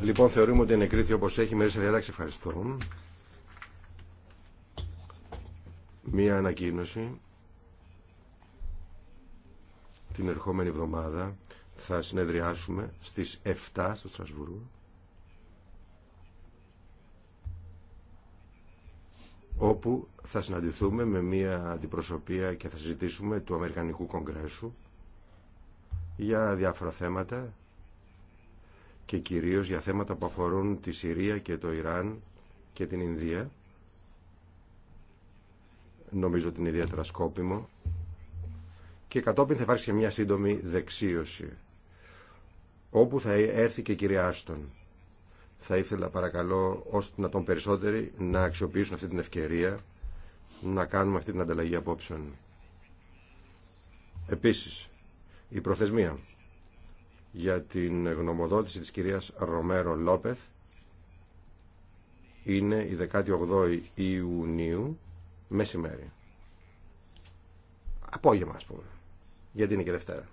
Λοιπόν, θεωρούμε ότι κρίθη όπως έχει μείνει σε διάταξη. Ευχαριστώ. Μία ανακοίνωση. Την ερχόμενη εβδομάδα θα συνεδριάσουμε στις 7 στο Στρασβούργο. όπου θα συναντηθούμε με μία αντιπροσωπεία και θα συζητήσουμε του Αμερικανικού Κογκρέσου για διάφορα θέματα και κυρίως για θέματα που αφορούν τη Συρία και το Ιράν και την Ινδία. Νομίζω ότι είναι ιδιαίτερα σκόπιμο. Και κατόπιν θα υπάρξει μια σύντομη δεξίωση, όπου θα έρθει και η κυρία Άστον. Θα ήθελα παρακαλώ ώστε να τον περισσότεροι να αξιοποιήσουν αυτή την ευκαιρία να κάνουμε αυτή την ανταλλαγή απόψεων. Επίσης, η προθεσμία για την γνωμοδότηση της κυρίας Ρομέρο Λόπεθ είναι η 18η Ιουνίου μεσημέρι. Απόγευμα ας πούμε. Γιατί είναι και Δευτέρα.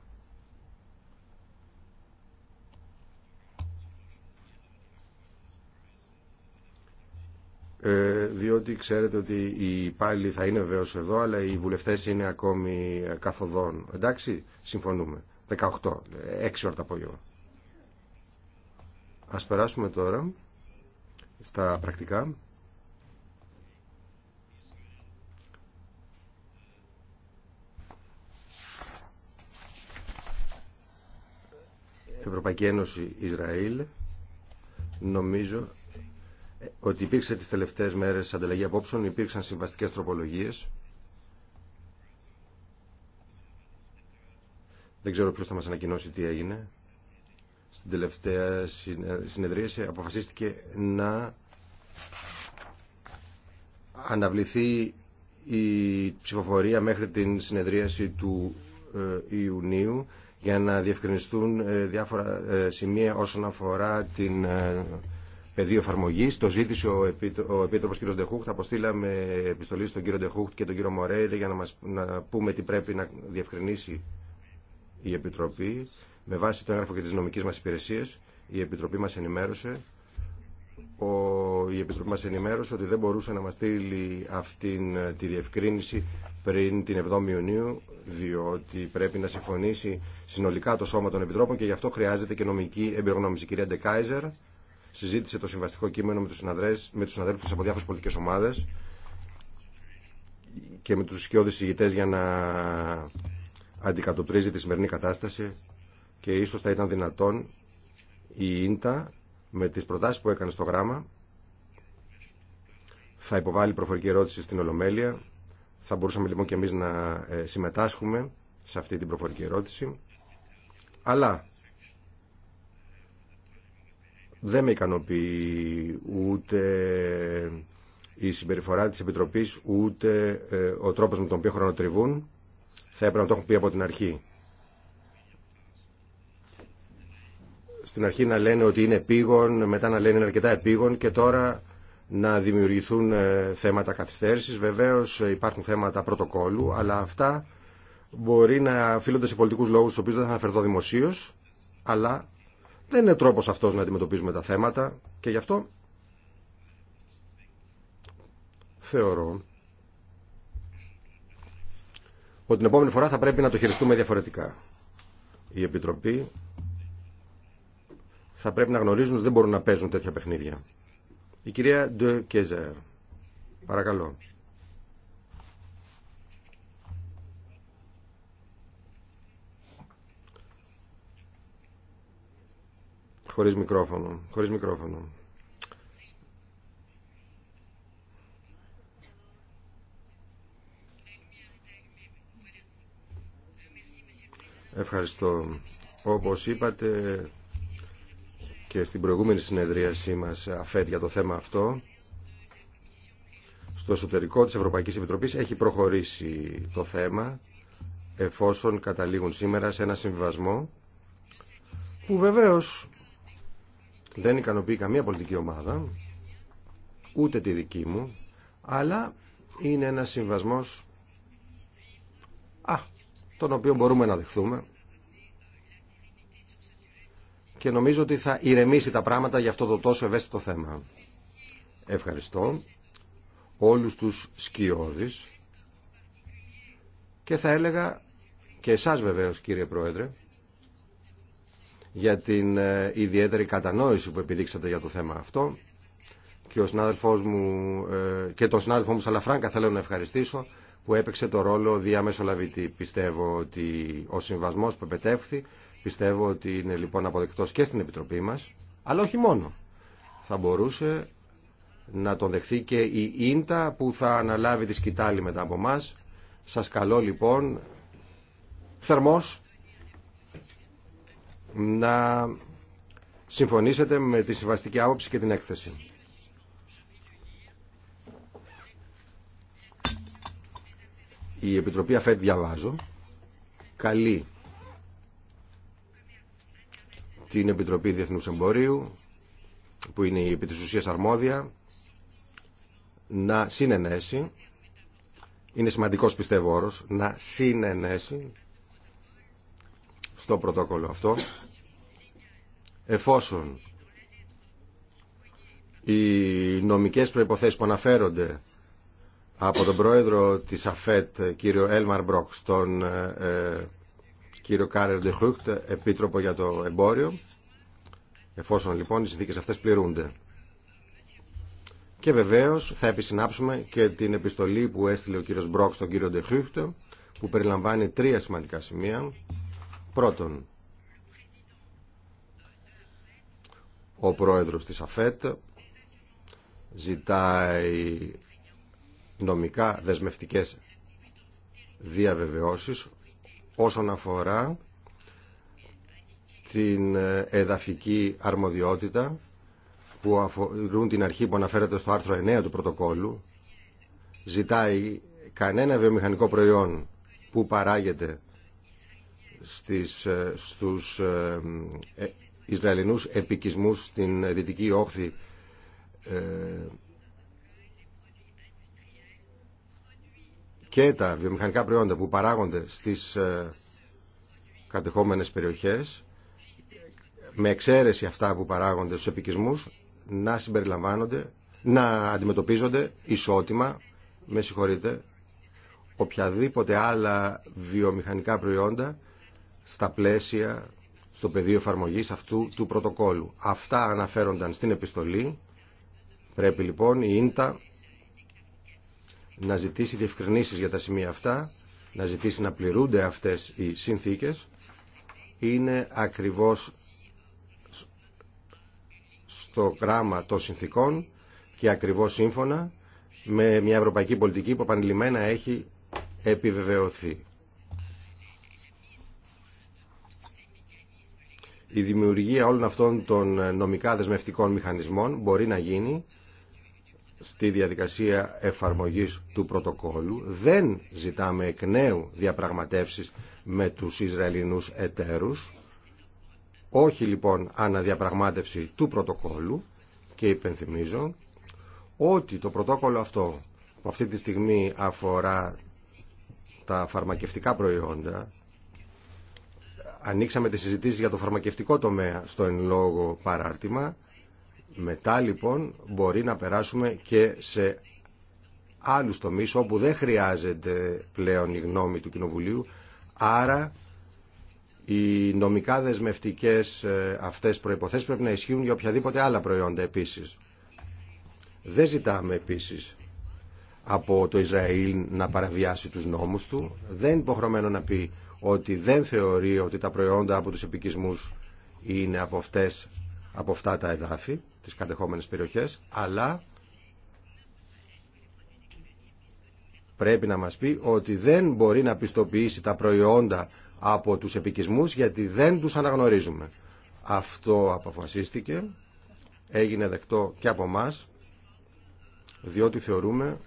Ε, διότι ξέρετε ότι οι υπάλληλοι θα είναι βεβαίω εδώ αλλά οι βουλευτές είναι ακόμη ε, καθοδόν. Εντάξει, συμφωνούμε. 18, 6 ώρα το απόγευμα. Ας περάσουμε τώρα στα πρακτικά. Ευρωπαϊκή Ένωση Ισραήλ νομίζω ότι υπήρξε τις τελευταίες μέρες ανταλλαγή απόψεων, υπήρξαν συμβαστικές τροπολογίες Δεν ξέρω ποιο θα μα ανακοινώσει τι έγινε. Στην τελευταία συνεδρίαση αποφασίστηκε να αναβληθεί η ψηφοφορία μέχρι την συνεδρίαση του ε, Ιουνίου για να διευκρινιστούν ε, διάφορα ε, σημεία όσον αφορά την πεδίο εφαρμογή. Το ζήτησε ο, Επίτρο, ο Επίτροπο κ. Ντεχούχτ. Αποστήλαμε επιστολή στον κ. Ντεχούχτ και τον κ. Μορέλη για να, μας, να πούμε τι πρέπει να διευκρινίσει η Επιτροπή, με βάση το έγγραφο και τις νομικές μας υπηρεσίες, η Επιτροπή μας ενημέρωσε η Επιτροπή μας ενημέρωσε ότι δεν μπορούσε να μας στείλει αυτή ε, τη διευκρίνηση πριν την 7η Ιουνίου, διότι πρέπει να συμφωνήσει συνολικά το Σώμα των Επιτρόπων και γι' αυτό χρειάζεται και νομική εμπειρογνώμηση. Η κυρία Ντεκάιζερ συζήτησε το συμβαστικό κείμενο με τους, συναδρές, με συναδέλφους από διάφορες πολιτικές ομάδες και με τους σκιώδεις ηγητές για να αντικατοπτρίζει τη σημερινή κατάσταση και ίσως θα ήταν δυνατόν η ίντα με τις προτάσεις που έκανε στο γράμμα θα υποβάλει προφορική ερώτηση στην Ολομέλεια. Θα μπορούσαμε λοιπόν και εμείς να ε, συμμετάσχουμε σε αυτή την προφορική ερώτηση. Αλλά δεν με ικανοποιεί ούτε η συμπεριφορά της Επιτροπής, ούτε ε, ο τρόπος με τον οποίο χρονοτριβούν. Θα έπρεπε να το έχουν πει από την αρχή. Στην αρχή να λένε ότι είναι επίγον, μετά να λένε είναι αρκετά επίγον και τώρα να δημιουργηθούν ε, θέματα καθυστέρησης. Βεβαίως ε, υπάρχουν θέματα πρωτοκόλου, αλλά αυτά μπορεί να φύλλονται σε πολιτικούς λόγους, στους οποίους δεν θα αναφερθώ δημοσίω, αλλά δεν είναι τρόπος αυτός να αντιμετωπίζουμε τα θέματα και γι' αυτό θεωρώ ότι την επόμενη φορά θα πρέπει να το χειριστούμε διαφορετικά. Η Επιτροπή θα πρέπει να γνωρίζουν ότι δεν μπορούν να παίζουν τέτοια παιχνίδια. Η κυρία Ντε Κέζερ. Παρακαλώ. Χωρίς μικρόφωνο. Χωρίς μικρόφωνο. Ευχαριστώ. Όπως είπατε και στην προηγούμενη συνεδρίασή μας αφέτ για το θέμα αυτό, στο εσωτερικό της Ευρωπαϊκής Επιτροπής έχει προχωρήσει το θέμα εφόσον καταλήγουν σήμερα σε ένα συμβιβασμό που βεβαίως δεν ικανοποιεί καμία πολιτική ομάδα ούτε τη δική μου αλλά είναι ένα συμβασμός α, τον οποίο μπορούμε να δεχθούμε και νομίζω ότι θα ηρεμήσει τα πράγματα για αυτό το τόσο ευαίσθητο θέμα. Ευχαριστώ όλους τους σκιώδεις και θα έλεγα και εσάς βεβαίως κύριε Πρόεδρε για την ε, ιδιαίτερη κατανόηση που επιδείξατε για το θέμα αυτό και ο μου ε, και τον συνάδελφό μου Σαλαφράγκα θέλω να ευχαριστήσω που έπαιξε το ρόλο διαμεσολαβητή. Πιστεύω ότι ο συμβασμό που πιστεύω ότι είναι λοιπόν αποδεκτός και στην Επιτροπή μας, αλλά όχι μόνο. Θα μπορούσε να τον δεχθεί και η Ίντα που θα αναλάβει τη σκητάλη μετά από εμά. Σας καλώ λοιπόν θερμός να συμφωνήσετε με τη συμβαστική άποψη και την έκθεση. Η Επιτροπή ΑΦΕΤ διαβάζω καλεί την Επιτροπή Διεθνούς Εμπορίου που είναι η επί της αρμόδια να συνενέσει είναι σημαντικός πιστεύω όρος να συνενέσει στο πρωτόκολλο αυτό εφόσον οι νομικές προϋποθέσεις που αναφέρονται από τον πρόεδρο της ΑΦΕΤ, κύριο Έλμαρ Μπροκ, στον ε, ε, κύριο Κάρερ Ντεχούκτ, επίτροπο για το εμπόριο, εφόσον λοιπόν οι συνθήκες αυτές πληρούνται. Και βεβαίως θα επισυνάψουμε και την επιστολή που έστειλε ο κύριος Μπροκ στον κύριο Ντεχούκτ, που περιλαμβάνει τρία σημαντικά σημεία. Πρώτον, ο πρόεδρος της ΑΦΕΤ ζητάει νομικά δεσμευτικές διαβεβαιώσεις όσον αφορά την εδαφική αρμοδιότητα που αφορούν την αρχή που αναφέρεται στο άρθρο 9 του πρωτοκόλλου ζητάει κανένα βιομηχανικό προϊόν που παράγεται στις, στους ε, ε, Ισραηλινούς επικισμούς στην Δυτική Όχθη ε, και τα βιομηχανικά προϊόντα που παράγονται στις ε, κατεχόμενες περιοχές με εξαίρεση αυτά που παράγονται στους επικισμούς να συμπεριλαμβάνονται, να αντιμετωπίζονται ισότιμα, με συγχωρείτε, οποιαδήποτε άλλα βιομηχανικά προϊόντα στα πλαίσια, στο πεδίο εφαρμογής αυτού του πρωτοκόλου. Αυτά αναφέρονταν στην επιστολή. Πρέπει λοιπόν η ίντα να ζητήσει διευκρινήσεις για τα σημεία αυτά, να ζητήσει να πληρούνται αυτές οι συνθήκες, είναι ακριβώς στο γράμμα των συνθήκων και ακριβώς σύμφωνα με μια ευρωπαϊκή πολιτική που επανειλημμένα έχει επιβεβαιωθεί. Η δημιουργία όλων αυτών των νομικά δεσμευτικών μηχανισμών μπορεί να γίνει στη διαδικασία εφαρμογής του πρωτοκόλου. Δεν ζητάμε εκ νέου διαπραγματεύσεις με τους Ισραηλινούς εταίρους. Όχι λοιπόν αναδιαπραγμάτευση του πρωτοκόλου και υπενθυμίζω ότι το πρωτόκολλο αυτό που αυτή τη στιγμή αφορά τα φαρμακευτικά προϊόντα ανοίξαμε τις συζητήσεις για το φαρμακευτικό τομέα στο εν λόγω παράρτημα μετά λοιπόν μπορεί να περάσουμε και σε άλλους τομείς όπου δεν χρειάζεται πλέον η γνώμη του Κοινοβουλίου. Άρα οι νομικά δεσμευτικές ε, αυτές προϋποθέσεις πρέπει να ισχύουν για οποιαδήποτε άλλα προϊόντα επίσης. Δεν ζητάμε επίσης από το Ισραήλ να παραβιάσει τους νόμους του. Δεν υποχρεωμένο να πει ότι δεν θεωρεί ότι τα προϊόντα από τους επικισμούς είναι από, αυτές, από αυτά τα εδάφη τις κατεχόμενες περιοχές, αλλά πρέπει να μας πει ότι δεν μπορεί να πιστοποιήσει τα προϊόντα από τους επικισμούς γιατί δεν τους αναγνωρίζουμε. Αυτό αποφασίστηκε, έγινε δεκτό και από μας, διότι θεωρούμε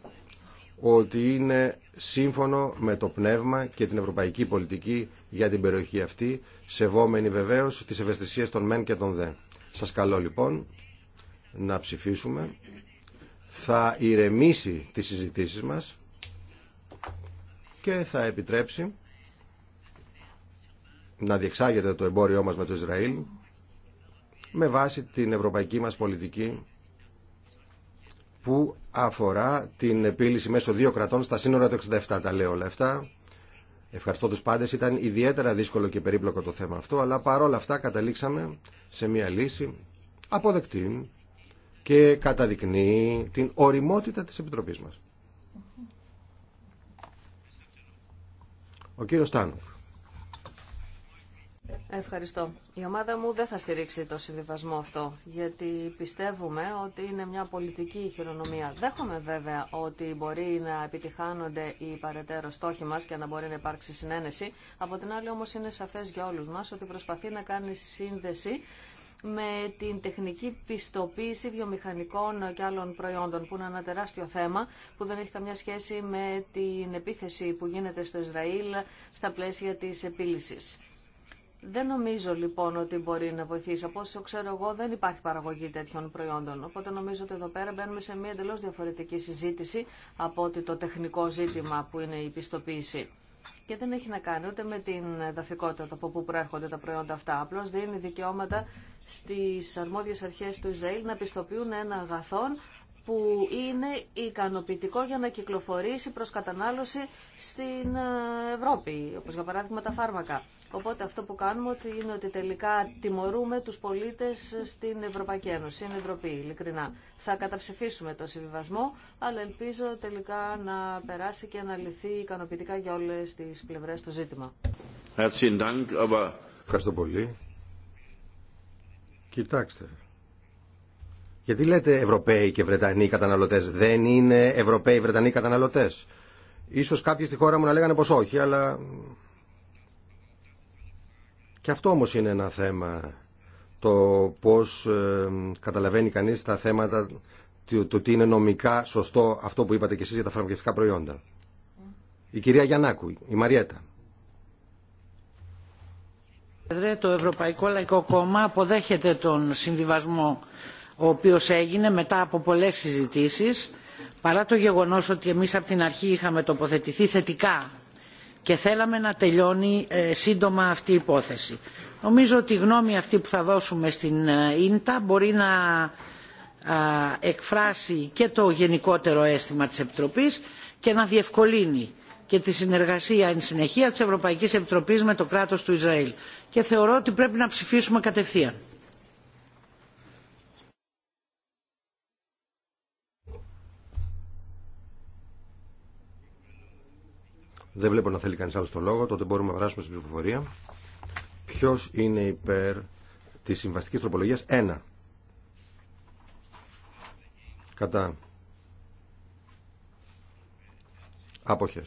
ότι είναι σύμφωνο με το πνεύμα και την ευρωπαϊκή πολιτική για την περιοχή αυτή, σεβόμενη βεβαίως τις ευαισθησίες των μεν και των δε. Σας καλώ λοιπόν να ψηφίσουμε. Θα ηρεμήσει τις συζητήσεις μας και θα επιτρέψει να διεξάγεται το εμπόριό μας με το Ισραήλ με βάση την ευρωπαϊκή μας πολιτική που αφορά την επίλυση μέσω δύο κρατών στα σύνορα του 67. Τα λέω όλα αυτά. Ευχαριστώ τους πάντες. Ήταν ιδιαίτερα δύσκολο και περίπλοκο το θέμα αυτό, αλλά παρόλα αυτά καταλήξαμε σε μια λύση αποδεκτή και καταδεικνύει την οριμότητα της Επιτροπής μας. Ο κύριος Τάνου. Ευχαριστώ. Η ομάδα μου δεν θα στηρίξει το συμβιβασμό αυτό, γιατί πιστεύουμε ότι είναι μια πολιτική χειρονομία. Δέχομαι βέβαια ότι μπορεί να επιτυχάνονται οι παρετέρω στόχοι μα και να μπορεί να υπάρξει συνένεση. Από την άλλη όμω είναι σαφέ για όλου μα, ότι προσπαθεί να κάνει σύνδεση με την τεχνική πιστοποίηση βιομηχανικών και άλλων προϊόντων, που είναι ένα τεράστιο θέμα που δεν έχει καμιά σχέση με την επίθεση που γίνεται στο Ισραήλ στα πλαίσια της επίλυσης. Δεν νομίζω λοιπόν ότι μπορεί να βοηθήσει. Από όσο ξέρω εγώ δεν υπάρχει παραγωγή τέτοιων προϊόντων. Οπότε νομίζω ότι εδώ πέρα μπαίνουμε σε μια εντελώ διαφορετική συζήτηση από ότι το τεχνικό ζήτημα που είναι η πιστοποίηση και δεν έχει να κάνει ούτε με την δαφικότητα από που προέρχονται τα προϊόντα αυτά. Απλώ δίνει δικαιώματα στι αρμόδιε αρχέ του Ισραήλ να πιστοποιούν ένα αγαθόν που είναι ικανοποιητικό για να κυκλοφορήσει προς κατανάλωση στην ε, Ευρώπη, όπως για παράδειγμα τα φάρμακα. Οπότε αυτό που κάνουμε είναι ότι τελικά τιμωρούμε τους πολίτες στην Ευρωπαϊκή Ένωση. Είναι ντροπή, ειλικρινά. Θα καταψηφίσουμε το συμβιβασμό, αλλά ελπίζω τελικά να περάσει και να λυθεί ικανοποιητικά για όλες τις πλευρές το ζήτημα. Ευχαριστώ πολύ. Κοιτάξτε, γιατί λέτε Ευρωπαίοι και Βρετανοί καταναλωτέ, δεν είναι Ευρωπαίοι Βρετανοί καταναλωτέ. Ίσως κάποιοι στη χώρα μου να λέγανε πως όχι, αλλά... Και αυτό όμως είναι ένα θέμα, το πώς ε, καταλαβαίνει κανείς τα θέματα του, το τι είναι νομικά σωστό αυτό που είπατε και εσείς για τα φαρμακευτικά προϊόντα. Η κυρία Γιαννάκου, η Μαριέτα. Το Ευρωπαϊκό Λαϊκό Κόμμα αποδέχεται τον συνδυασμό ο οποίος έγινε μετά από πολλές συζητήσεις παρά το γεγονός ότι εμείς από την αρχή είχαμε τοποθετηθεί θετικά και θέλαμε να τελειώνει ε, σύντομα αυτή η υπόθεση. Νομίζω ότι η γνώμη αυτή που θα δώσουμε στην ε, ίντα μπορεί να εκφράσει και το γενικότερο αίσθημα της Επιτροπής και να διευκολύνει και τη συνεργασία εν συνεχεία της Ευρωπαϊκής Επιτροπής με το κράτος του Ισραήλ. Και θεωρώ ότι πρέπει να ψηφίσουμε κατευθείαν. Δεν βλέπω να θέλει κανείς άλλο το λόγο, τότε μπορούμε να βράσουμε στην ψηφοφορία. Ποιο είναι υπέρ τη συμβαστική τροπολογία 1. Κατά. Αποχέ.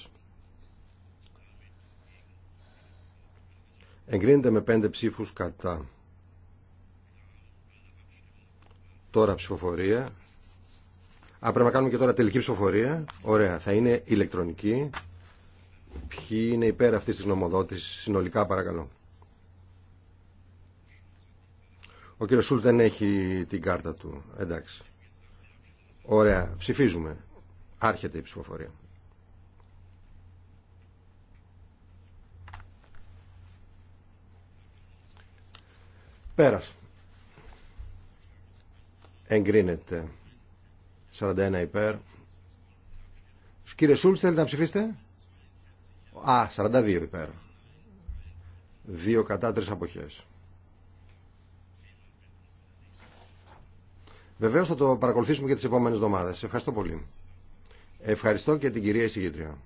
Εγκρίνεται με πέντε ψήφους κατά. Τώρα ψηφοφορία. Α, πρέπει να κάνουμε και τώρα τελική ψηφοφορία. Ωραία, θα είναι ηλεκτρονική. Ποιοι είναι υπέρ αυτή τη νομοδότησης συνολικά παρακαλώ. Ο κύριος Σούλτ δεν έχει την κάρτα του. Εντάξει. Ωραία. Ψηφίζουμε. Άρχεται η ψηφοφορία. Πέρας. Εγκρίνεται. 41 υπέρ. Κύριε Σούλτ θέλετε να ψηφίσετε. Α, 42 υπέρ. 2 κατά 3 αποχές. Βεβαίω θα το παρακολουθήσουμε και τι επόμενε εβδομάδε. Ευχαριστώ πολύ. Ευχαριστώ και την κυρία εισηγήτρια.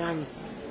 Ευχαριστώ.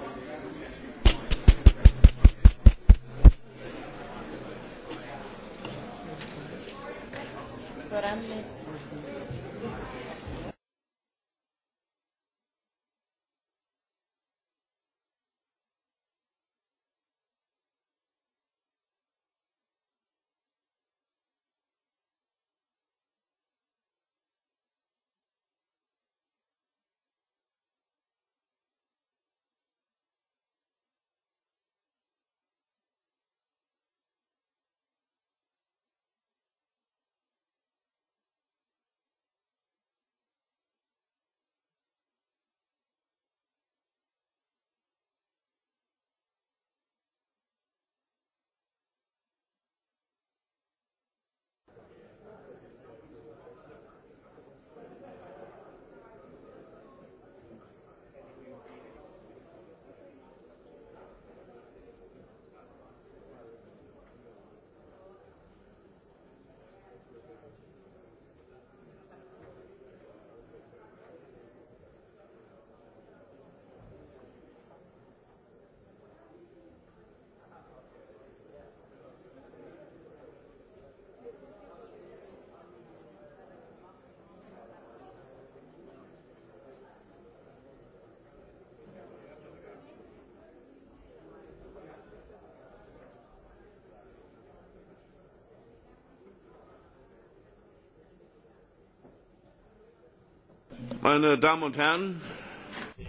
Meine Damen und Herren.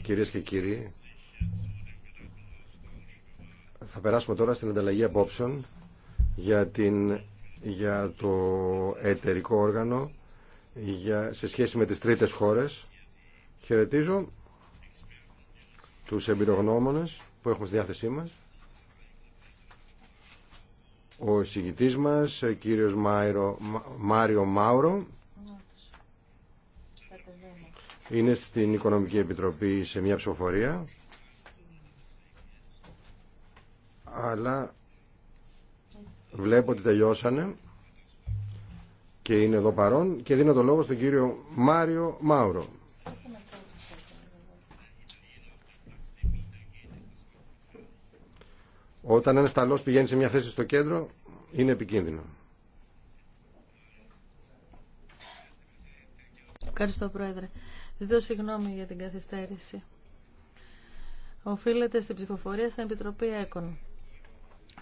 Κυρίες και κύριοι, θα περάσουμε τώρα στην ανταλλαγή απόψεων για, την, για το εταιρικό όργανο για, σε σχέση με τις τρίτες χώρες. Χαιρετίζω τους εμπειρογνώμονες που έχουμε στη διάθεσή μας. Ο εισηγητής μας, κύριος Μάριο Μάουρο, είναι στην Οικονομική Επιτροπή σε μια ψηφοφορία αλλά βλέπω ότι τελειώσανε και είναι εδώ παρόν και δίνω το λόγο στον κύριο Μάριο Μάουρο. Όταν ένα σταλός πηγαίνει σε μια θέση στο κέντρο είναι επικίνδυνο. Ευχαριστώ Πρόεδρε. Ζητώ συγγνώμη για την καθυστέρηση. Οφείλεται στην ψηφοφορία στην Επιτροπή ΕΚΟΝ.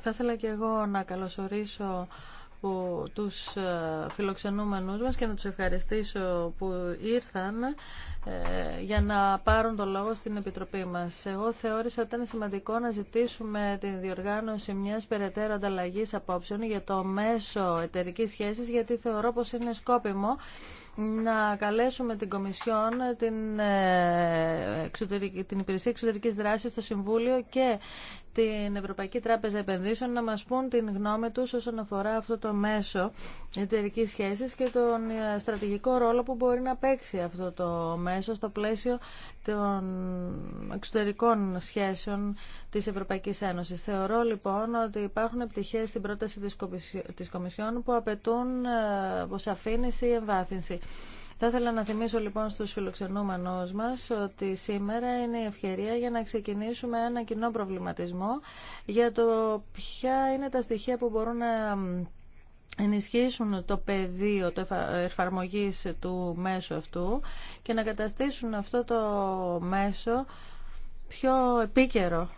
Θα ήθελα και εγώ να καλωσορίσω τους ε, φιλοξενούμενους μας και να τους ευχαριστήσω που ήρθαν ε, για να πάρουν το λόγο στην Επιτροπή μας. Εγώ θεώρησα ότι ήταν σημαντικό να ζητήσουμε την διοργάνωση μιας περαιτέρω ανταλλαγή απόψεων για το μέσο εταιρική σχέσης γιατί θεωρώ πως είναι σκόπιμο να καλέσουμε την Κομισιόν, την, ε, την Υπηρεσία Εξωτερικής Δράσης, το Συμβούλιο και την Ευρωπαϊκή Τράπεζα Επενδύσεων να μας πούν την γνώμη τους όσον αφορά αυτό το μέσο εταιρική σχέσης και τον ε, στρατηγικό ρόλο που μπορεί να παίξει αυτό το μέσο στο πλαίσιο των εξωτερικών σχέσεων της Ευρωπαϊκής Ένωσης. Θεωρώ λοιπόν ότι υπάρχουν επιτυχίες στην πρόταση της Κομισιόν που απαιτούν αποσαφήνιση ε, ή εμβάθυνση. Θα ήθελα να θυμίσω λοιπόν στους φιλοξενούμενους μας ότι σήμερα είναι η ευκαιρία για να ξεκινήσουμε ένα κοινό προβληματισμό για το ποια είναι τα στοιχεία που μπορούν να ενισχύσουν το πεδίο το του μέσου αυτού και να καταστήσουν αυτό το μέσο πιο επίκαιρο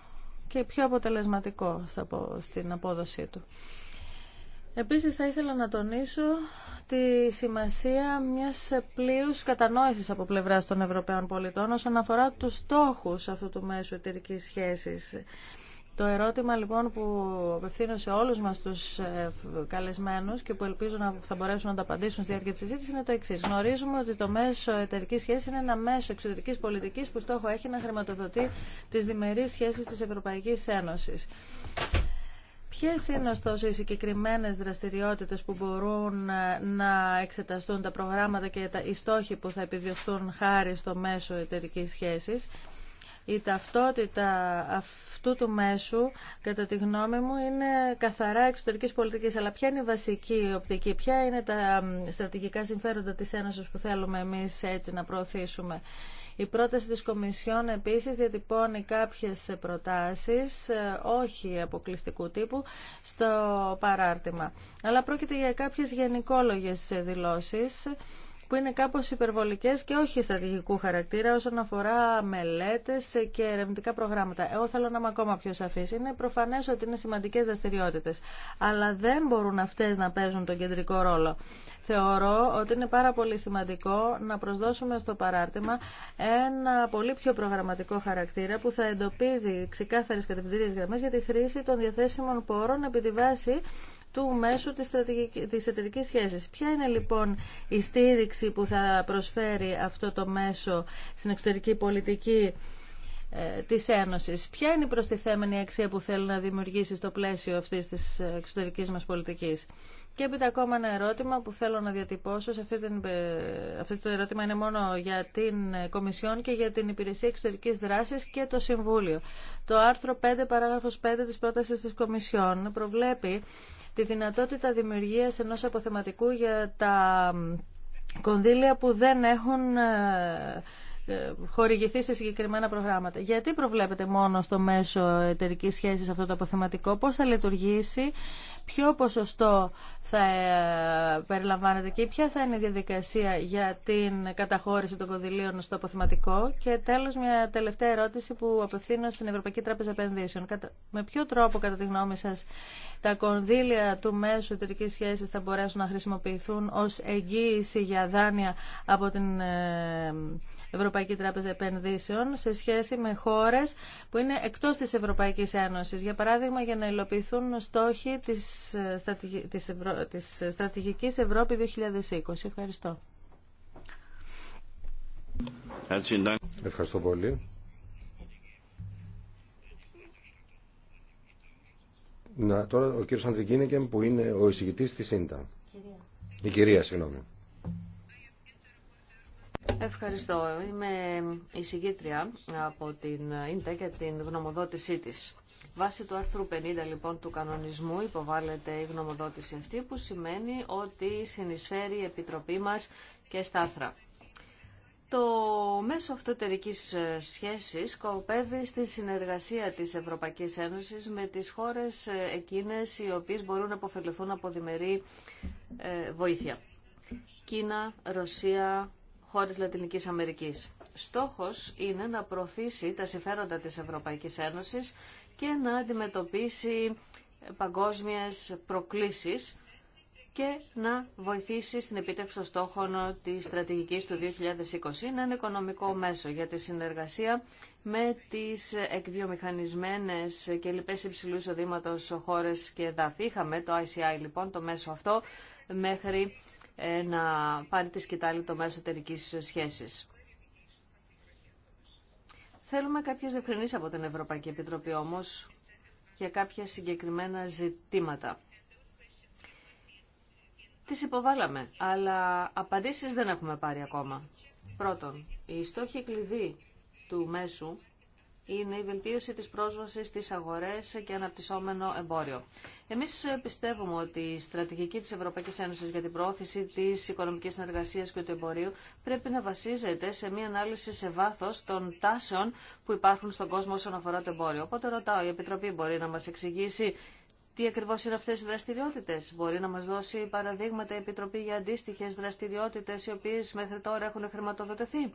και πιο αποτελεσματικό στην απόδοσή του. Επίσης θα ήθελα να τονίσω τη σημασία μιας πλήρους κατανόησης από πλευράς των Ευρωπαίων πολιτών όσον αφορά τους στόχους αυτού του μέσου εταιρικής σχέσης. Το ερώτημα λοιπόν που απευθύνω σε όλους μας τους ε, καλεσμένους και που ελπίζω να θα μπορέσουν να τα απαντήσουν στη διάρκεια της συζήτησης είναι το εξή. Γνωρίζουμε ότι το μέσο εταιρική σχέση είναι ένα μέσο εξωτερικής πολιτικής που στόχο έχει να χρηματοδοτεί τις διμερείς σχέσεις της Ευρωπαϊκής Ένωσης. Ποιες είναι ωστόσο οι συγκεκριμένες δραστηριότητες που μπορούν ε, να εξεταστούν τα προγράμματα και τα, οι στόχοι που θα επιδιωχθούν χάρη στο μέσο εταιρική σχέση. Η ταυτότητα αυτού του μέσου, κατά τη γνώμη μου, είναι καθαρά εξωτερική πολιτική. Αλλά ποια είναι η βασική οπτική, ποια είναι τα στρατηγικά συμφέροντα τη Ένωση που θέλουμε εμεί έτσι να προωθήσουμε. Η πρόταση της Κομισιόν επίσης διατυπώνει κάποιες προτάσεις, ε, όχι αποκλειστικού τύπου, στο παράρτημα. Αλλά πρόκειται για κάποιες γενικόλογες δηλώσεις που είναι κάπως υπερβολικές και όχι στρατηγικού χαρακτήρα όσον αφορά μελέτες και ερευνητικά προγράμματα. Εγώ θέλω να είμαι ακόμα πιο σαφής. Είναι προφανές ότι είναι σημαντικές δραστηριότητες, αλλά δεν μπορούν αυτές να παίζουν τον κεντρικό ρόλο. Θεωρώ ότι είναι πάρα πολύ σημαντικό να προσδώσουμε στο παράρτημα ένα πολύ πιο προγραμματικό χαρακτήρα που θα εντοπίζει ξεκάθαρες κατευθυντήριες γραμμές για τη χρήση των διαθέσιμων πόρων επί τη βάση του μέσου της, της εταιρικής σχέσης. Ποια είναι λοιπόν η στήριξη που θα προσφέρει αυτό το μέσο στην εξωτερική πολιτική ε, της Ένωσης. Ποια είναι η προστιθέμενη αξία που θέλει να δημιουργήσει στο πλαίσιο αυτής της εξωτερικής μας πολιτικής. Και έπειτα ακόμα ένα ερώτημα που θέλω να διατυπώσω. Σε αυτή την... Ε, αυτό το ερώτημα είναι μόνο για την Κομισιόν και για την Υπηρεσία Εξωτερικής Δράσης και το Συμβούλιο. Το άρθρο 5, παράγραφος 5 της πρότασης της Κομισιόν προβλέπει τη δυνατότητα δημιουργίας ενός αποθεματικού για τα κονδύλια που δεν έχουν ε, χορηγηθεί σε συγκεκριμένα προγράμματα. Γιατί προβλέπετε μόνο στο μέσο εταιρική σχέση αυτό το αποθεματικό, πώς θα λειτουργήσει, ποιο ποσοστό θα ε, περιλαμβάνεται και ποια θα είναι η διαδικασία για την καταχώρηση των κονδυλίων στο αποθεματικό. Και τέλος μια τελευταία ερώτηση που απευθύνω στην Ευρωπαϊκή Τράπεζα Επενδύσεων. Με ποιο τρόπο, κατά τη γνώμη σας, τα κονδύλια του μέσου εταιρική σχέση θα μπορέσουν να χρησιμοποιηθούν ως εγγύηση για δάνεια από την ε, Ευρωπαϊκή Ευρωπαϊκή Τράπεζα Επενδύσεων σε σχέση με χώρες που είναι εκτός της Ευρωπαϊκής Ένωσης. Για παράδειγμα, για να υλοποιηθούν στόχοι της, της, Στρατηγικής Ευρώπη 2020. Ευχαριστώ. Ευχαριστώ πολύ. Να, τώρα ο κύριος Αντρικίνικεμ που είναι ο εισηγητής της ΣΥΝΤΑ. Η κυρία, συγγνώμη. Ευχαριστώ. Είμαι η συγκήτρια από την ΙΝΤΕ και την γνωμοδότησή της. Βάσει του άρθρου 50 λοιπόν του κανονισμού υποβάλλεται η γνωμοδότηση αυτή που σημαίνει ότι συνεισφέρει η Επιτροπή μας και στα Το μέσο αυτοτερικής σχέσης σκοπεύει στη συνεργασία της Ευρωπαϊκής Ένωσης με τις χώρες εκείνες οι οποίες μπορούν να αποφελθούν από διμερή ε, βοήθεια. Κίνα, Ρωσία, χώρες Λατινικής Αμερικής. Στόχος είναι να προωθήσει τα συμφέροντα της Ευρωπαϊκής Ένωσης και να αντιμετωπίσει παγκόσμιες προκλήσεις και να βοηθήσει στην επίτευξη των στόχων της στρατηγικής του 2020. Είναι ένα οικονομικό μέσο για τη συνεργασία με τις εκβιομηχανισμένε και λοιπές υψηλού εισοδήματο χώρες και εδάφη. Είχαμε το ICI λοιπόν, το μέσο αυτό, μέχρι να πάρει τη σκητάλη το μέσο εταιρική σχέση. Θέλουμε κάποιε διευκρινήσεις από την Ευρωπαϊκή Επιτροπή όμω για κάποια συγκεκριμένα ζητήματα. Τι υποβάλαμε, αλλά απαντήσει δεν έχουμε πάρει ακόμα. Πρώτον, η στόχη κλειδί του μέσου είναι η βελτίωση της πρόσβασης στις αγορές και αναπτυσσόμενο εμπόριο. Εμεί ε, πιστεύουμε ότι η στρατηγική τη Ευρωπαϊκή Ένωση για την προώθηση τη οικονομική συνεργασίας και του εμπορίου πρέπει να βασίζεται σε μια ανάλυση σε βάθο των τάσεων που υπάρχουν στον κόσμο όσον αφορά το εμπόριο. Οπότε ρωτάω, η Επιτροπή μπορεί να μα εξηγήσει τι ακριβώ είναι αυτέ οι δραστηριότητε. Μπορεί να μα δώσει παραδείγματα η Επιτροπή για αντίστοιχε δραστηριότητε οι οποίε μέχρι τώρα έχουν χρηματοδοτηθεί.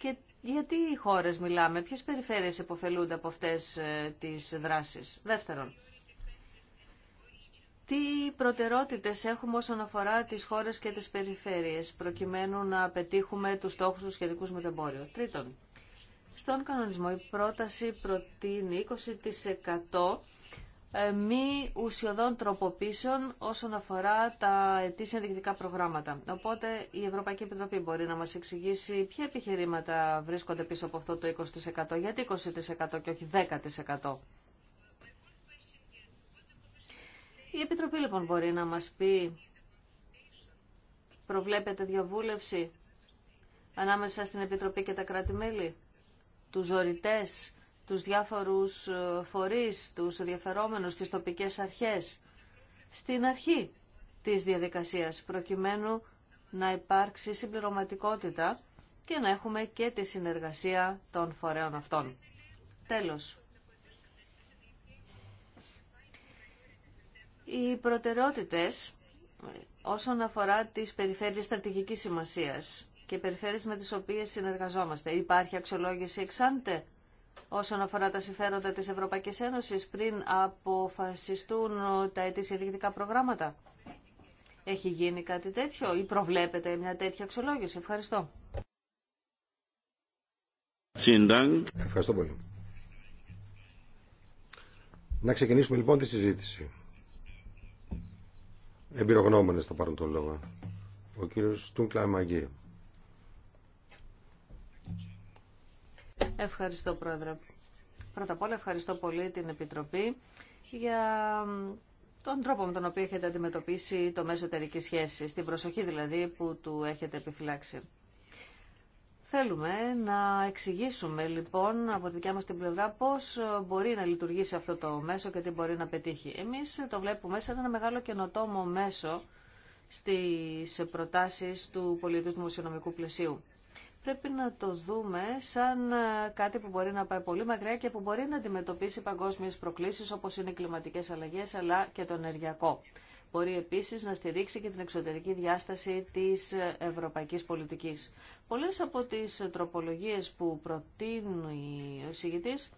Και γιατί οι χώρε μιλάμε, ποιε περιφέρειε υποφελούνται από αυτέ ε, τι δράσει. Δεύτερον, τι προτερότητες έχουμε όσον αφορά τις χώρες και τις περιφέρειες, προκειμένου να πετύχουμε τους στόχους του σχετικούς με το εμπόριο. Τρίτον, στον κανονισμό η πρόταση προτείνει 20% ε, μη ουσιοδών τροποποίησεων όσον αφορά τα ετήσια διοικητικά προγράμματα. Οπότε η Ευρωπαϊκή Επιτροπή μπορεί να μας εξηγήσει ποια επιχειρήματα βρίσκονται πίσω από αυτό το 20%, γιατί 20% και όχι 10%. Η Επιτροπή λοιπόν μπορεί να μας πει προβλέπετε διαβούλευση ανάμεσα στην Επιτροπή και τα κράτη-μέλη, τους ζωρητές, τους διάφορους ε, φορείς, τους ενδιαφερόμενους, τις τοπικές αρχές, στην αρχή της διαδικασίας, προκειμένου να υπάρξει συμπληρωματικότητα και να έχουμε και τη συνεργασία των φορέων αυτών. Τέλος, Οι προτεραιότητες όσον αφορά τις περιφέρειες στρατηγικής σημασίας και περιφέρειες με τις οποίες συνεργαζόμαστε. Υπάρχει αξιολόγηση εξάντε όσον αφορά τα συμφέροντα της Ευρωπαϊκής Ένωσης πριν αποφασιστούν τα αιτήσια διοικητικά προγράμματα. Έχει γίνει κάτι τέτοιο ή προβλέπεται μια τέτοια αξιολόγηση. Ευχαριστώ. Ευχαριστώ πολύ. Να ξεκινήσουμε λοιπόν τη συζήτηση εμπειρογνώμονε, θα πάρουν το λόγο. Ο κύριος Τούγκλα Μαγκή. Ευχαριστώ Πρόεδρε. Πρώτα απ' όλα ευχαριστώ πολύ την Επιτροπή για τον τρόπο με τον οποίο έχετε αντιμετωπίσει το μέσο εταιρική σχέση, την προσοχή δηλαδή που του έχετε επιφυλάξει. Θέλουμε να εξηγήσουμε λοιπόν από τη δικιά μας την πλευρά πώς μπορεί να λειτουργήσει αυτό το μέσο και τι μπορεί να πετύχει. Εμείς το βλέπουμε σαν ένα μεγάλο καινοτόμο μέσο στις προτάσεις του πολιτικού δημοσιονομικού πλαισίου. Πρέπει να το δούμε σαν κάτι που μπορεί να πάει πολύ μακριά και που μπορεί να αντιμετωπίσει παγκόσμιες προκλήσεις όπως είναι οι κλιματικές αλλαγές αλλά και το ενεργειακό. Μπορεί επίσης να στηρίξει και την εξωτερική διάσταση της ευρωπαϊκής πολιτικής. Πολλές από τις τροπολογίες που προτείνει ο εισηγητής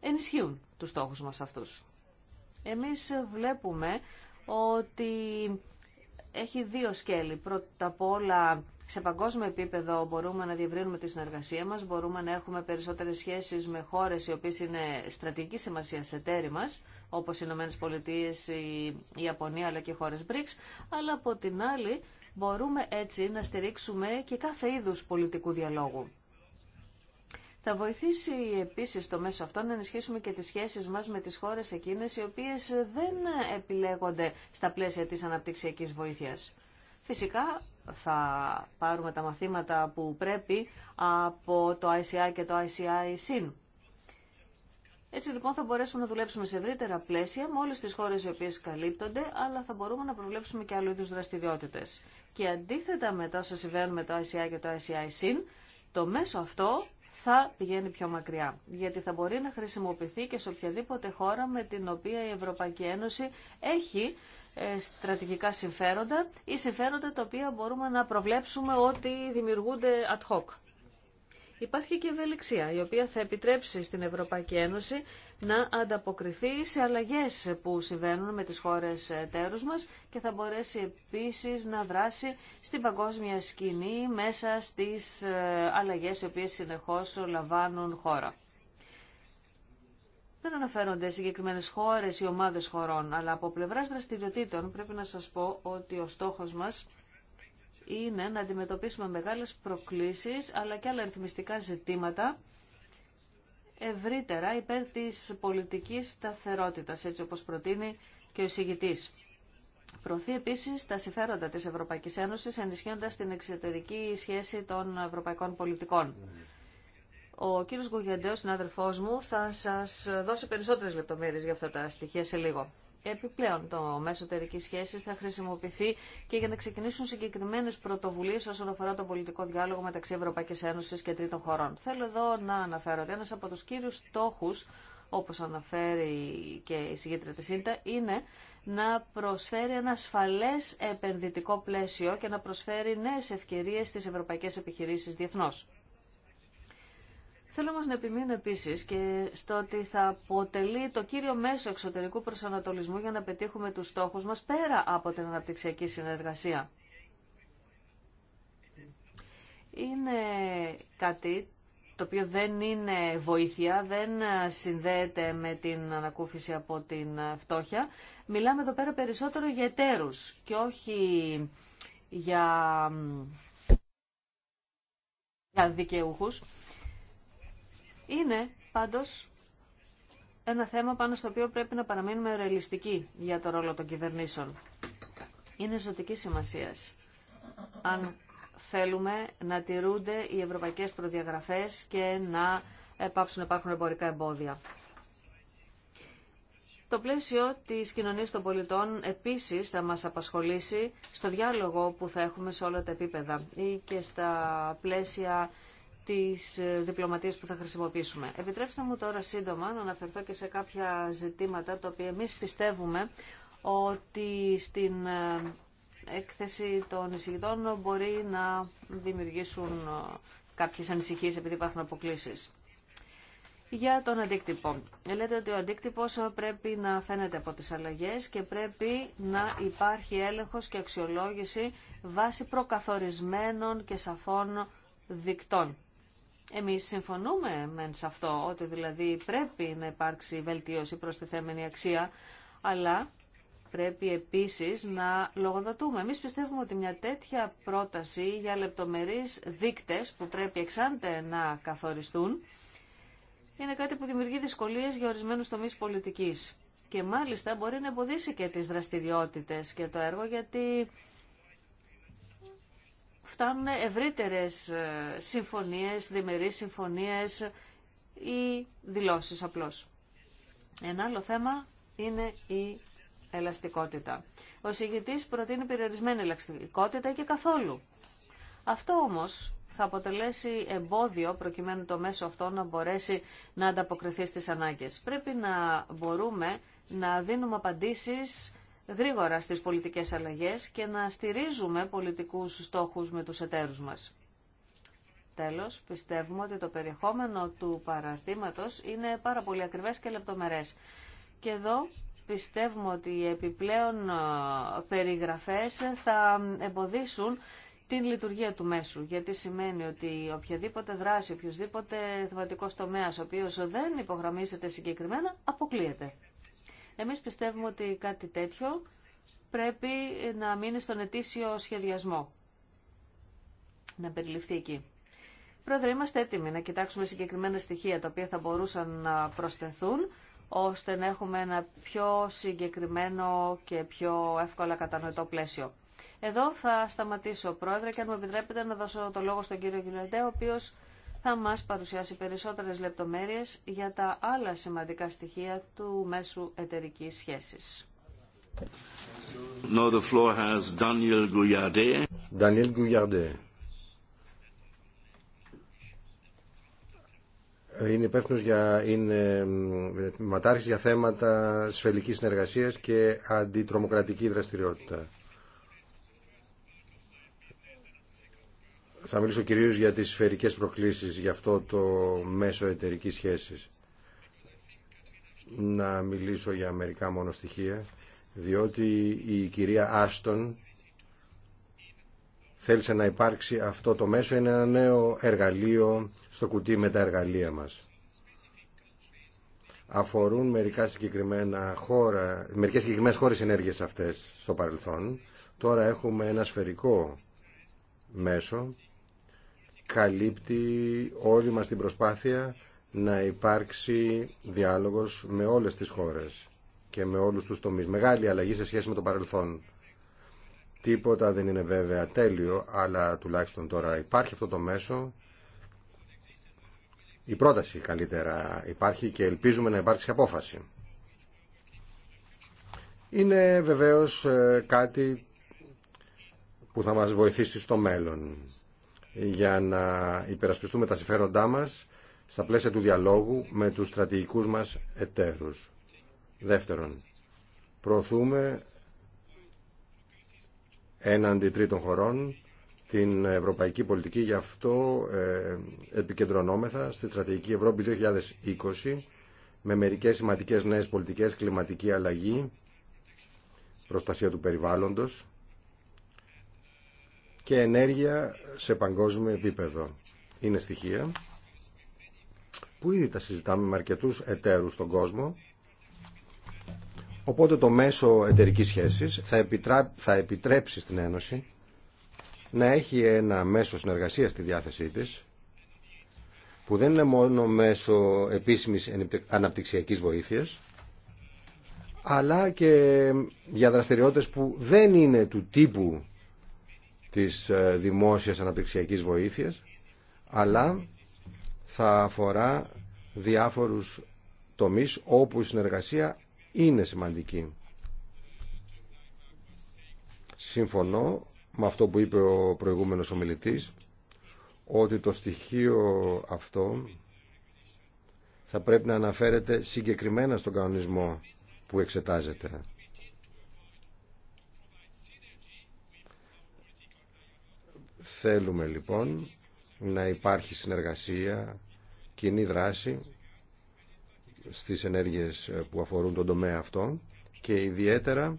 ενισχύουν τους στόχους μας αυτούς. Εμείς βλέπουμε ότι έχει δύο σκέλη. Πρώτα απ' όλα σε παγκόσμιο επίπεδο μπορούμε να διευρύνουμε τη συνεργασία μας, μπορούμε να έχουμε περισσότερες σχέσεις με χώρες οι οποίες είναι στρατηγική σημασία τέρη μας, όπως οι Ηνωμένες Πολιτείες, η Ιαπωνία αλλά και οι χώρες BRICS, αλλά από την άλλη μπορούμε έτσι να στηρίξουμε και κάθε είδους πολιτικού διαλόγου. Θα βοηθήσει επίση το μέσο αυτό να ενισχύσουμε και τι σχέσει μα με τι χώρε εκείνες οι οποίε δεν επιλέγονται στα πλαίσια τη αναπτυξιακή βοήθεια. Φυσικά θα πάρουμε τα μαθήματα που πρέπει από το ICI και το ICI-SIN. Έτσι λοιπόν θα μπορέσουμε να δουλέψουμε σε ευρύτερα πλαίσια με όλες τις χώρες οι οποίες καλύπτονται, αλλά θα μπορούμε να προβλέψουμε και άλλου είδους δραστηριότητες. Και αντίθετα με τα όσα συμβαίνουν με το ICI και το ICI-SIN, το μέσο αυτό θα πηγαίνει πιο μακριά, γιατί θα μπορεί να χρησιμοποιηθεί και σε οποιαδήποτε χώρα με την οποία η Ευρωπαϊκή Ένωση έχει ε, στρατηγικά συμφέροντα ή συμφέροντα τα οποία μπορούμε να προβλέψουμε ότι δημιουργούνται ad hoc. Υπάρχει και ευελιξία, η οποία θα επιτρέψει στην Ευρωπαϊκή Ένωση να ανταποκριθεί σε αλλαγές που συμβαίνουν με τις χώρες τέρους μας και θα μπορέσει επίσης να δράσει στην παγκόσμια σκηνή μέσα στις ε, αλλαγές οι οποίες συνεχώς λαμβάνουν χώρα. Δεν αναφέρονται συγκεκριμένε χώρε ή ομάδε χωρών, αλλά από πλευρά δραστηριοτήτων πρέπει να σα πω ότι ο στόχο μα είναι να αντιμετωπίσουμε μεγάλες προκλήσεις αλλά και άλλα αριθμιστικά ζητήματα ευρύτερα υπέρ της πολιτικής σταθερότητας, έτσι όπως προτείνει και ο εισηγητής. Προωθεί επίση τα συμφέροντα τη Ευρωπαϊκή Ένωση, ενισχύοντα την εξωτερική σχέση των ευρωπαϊκών πολιτικών. Ο κύριος Γκουγεντέο, συνάδελφό μου, θα σα δώσει περισσότερε λεπτομέρειε για αυτά τα στοιχεία σε λίγο. Επιπλέον, το μέσο εταιρική σχέση θα χρησιμοποιηθεί και για να ξεκινήσουν συγκεκριμένε πρωτοβουλίε όσον αφορά τον πολιτικό διάλογο μεταξύ Ευρωπαϊκή Ένωση και τρίτων χωρών. Θέλω εδώ να αναφέρω ότι ένα από του κύριου στόχου, όπω αναφέρει και η συγκέντρια τη ΣΥΝΤΑ, είναι να προσφέρει ένα ασφαλέ επενδυτικό πλαίσιο και να προσφέρει νέε ευκαιρίε στι ευρωπαϊκέ επιχειρήσει διεθνώ. Θέλω όμω να επιμείνω επίση και στο ότι θα αποτελεί το κύριο μέσο εξωτερικού προσανατολισμού για να πετύχουμε του στόχου μα πέρα από την αναπτυξιακή συνεργασία. Είναι κάτι το οποίο δεν είναι βοήθεια, δεν συνδέεται με την ανακούφιση από την φτώχεια. Μιλάμε εδώ πέρα περισσότερο για εταίρους και όχι για, για δικαιούχους. Είναι πάντως ένα θέμα πάνω στο οποίο πρέπει να παραμείνουμε ρεαλιστικοί για το ρόλο των κυβερνήσεων. Είναι ζωτική σημασία. Αν θέλουμε να τηρούνται οι ευρωπαϊκές προδιαγραφές και να πάψουν να υπάρχουν εμπορικά εμπόδια. Το πλαίσιο της κοινωνίας των πολιτών επίσης θα μας απασχολήσει στο διάλογο που θα έχουμε σε όλα τα επίπεδα ή και στα πλαίσια τι ε, διπλωματίε που θα χρησιμοποιήσουμε. Επιτρέψτε μου τώρα σύντομα να αναφερθώ και σε κάποια ζητήματα τα οποία εμεί πιστεύουμε ότι στην ε, έκθεση των εισηγητών μπορεί να δημιουργήσουν ε, κάποιες ανησυχίες επειδή υπάρχουν αποκλήσεις. Για τον αντίκτυπο. Λέτε ότι ο αντίκτυπος πρέπει να φαίνεται από τις αλλαγές και πρέπει να υπάρχει έλεγχος και αξιολόγηση βάσει προκαθορισμένων και σαφών δικτών. Εμείς συμφωνούμε μεν σε αυτό, ότι δηλαδή πρέπει να υπάρξει βελτίωση προς τη θέμενη αξία, αλλά πρέπει επίσης να λογοδοτούμε. Εμείς πιστεύουμε ότι μια τέτοια πρόταση για λεπτομερείς δείκτες που πρέπει εξάντε να καθοριστούν, είναι κάτι που δημιουργεί δυσκολίες για ορισμένους τομείς πολιτικής. Και μάλιστα μπορεί να εμποδίσει και τις δραστηριότητες και το έργο, γιατί φτάνουν ευρύτερες ε, συμφωνίες, διμερείς συμφωνίες ή δηλώσεις απλώς. Ένα άλλο θέμα είναι η ελαστικότητα. Ο συγητής προτείνει περιορισμένη ελαστικότητα και καθόλου. Αυτό όμως θα αποτελέσει εμπόδιο προκειμένου το μέσο αυτό να μπορέσει να ανταποκριθεί στις ανάγκες. Πρέπει να μπορούμε να δίνουμε απαντήσεις γρήγορα στις πολιτικές αλλαγές και να στηρίζουμε πολιτικούς στόχους με τους εταίρους μας. Τέλος, πιστεύουμε ότι το περιεχόμενο του παραρτήματος είναι πάρα πολύ ακριβές και λεπτομερές. Και εδώ πιστεύουμε ότι οι επιπλέον περιγραφές θα εμποδίσουν την λειτουργία του μέσου, γιατί σημαίνει ότι οποιαδήποτε δράση, οποιοδήποτε θεματικός τομέας, ο οποίος δεν υπογραμμίζεται συγκεκριμένα, αποκλείεται. Εμείς πιστεύουμε ότι κάτι τέτοιο πρέπει να μείνει στον ετήσιο σχεδιασμό. Να περιληφθεί εκεί. Πρόεδρε, είμαστε έτοιμοι να κοιτάξουμε συγκεκριμένα στοιχεία τα οποία θα μπορούσαν να προσθεθούν ώστε να έχουμε ένα πιο συγκεκριμένο και πιο εύκολα κατανοητό πλαίσιο. Εδώ θα σταματήσω, Πρόεδρε, και αν μου επιτρέπετε να δώσω το λόγο στον κύριο Γιλαντέ, ο οποίος θα μας παρουσιάσει περισσότερες λεπτομέρειες για τα άλλα σημαντικά στοιχεία του μέσου εταιρικής σχέσης. the floor has Daniel Gouillardet. Daniel Είναι υπεύθυνο για είναι ματάρχης για θέματα σφελικής συνεργασίας και αντιτρομοκρατική δραστηριότητα. θα μιλήσω κυρίως για τις σφαιρικές προκλήσεις για αυτό το μέσο εταιρική σχέσης. Να μιλήσω για μερικά μόνο στοιχεία, διότι η κυρία Άστον θέλησε να υπάρξει αυτό το μέσο, είναι ένα νέο εργαλείο στο κουτί με τα εργαλεία μας. Αφορούν μερικά συγκεκριμένα χώρα, μερικές συγκεκριμένες χώρες ενέργειες αυτές στο παρελθόν. Τώρα έχουμε ένα σφαιρικό μέσο καλύπτει όλη μας την προσπάθεια να υπάρξει διάλογος με όλες τις χώρες και με όλους τους τομείς. Μεγάλη αλλαγή σε σχέση με το παρελθόν. Τίποτα δεν είναι βέβαια τέλειο, αλλά τουλάχιστον τώρα υπάρχει αυτό το μέσο. Η πρόταση καλύτερα υπάρχει και ελπίζουμε να υπάρξει απόφαση. Είναι βεβαίως ε, κάτι που θα μας βοηθήσει στο μέλλον για να υπερασπιστούμε τα συμφέροντά μας στα πλαίσια του διαλόγου με τους στρατηγικούς μας εταίρους. Δεύτερον, προωθούμε έναντι τρίτων χωρών την ευρωπαϊκή πολιτική. Γι' αυτό ε, επικεντρωνόμεθα στη στρατηγική Ευρώπη 2020 με μερικές σημαντικές νέες πολιτικές, κλιματική αλλαγή, προστασία του περιβάλλοντος, και ενέργεια σε παγκόσμιο επίπεδο. Είναι στοιχεία που ήδη τα συζητάμε με αρκετούς εταίρους στον κόσμο Οπότε το μέσο εταιρικής σχέσης θα, θα επιτρέψει στην Ένωση να έχει ένα μέσο συνεργασίας στη διάθεσή της που δεν είναι μόνο μέσο επίσημης αναπτυξιακής βοήθειας αλλά και για δραστηριότητες που δεν είναι του τύπου της ε, δημόσιας αναπτυξιακής βοήθειας αλλά θα αφορά διάφορους τομείς όπου η συνεργασία είναι σημαντική. Συμφωνώ με αυτό που είπε ο προηγούμενος ομιλητής ότι το στοιχείο αυτό θα πρέπει να αναφέρεται συγκεκριμένα στον κανονισμό που εξετάζεται. Θέλουμε λοιπόν να υπάρχει συνεργασία, κοινή δράση στις ενέργειες που αφορούν τον τομέα αυτό και ιδιαίτερα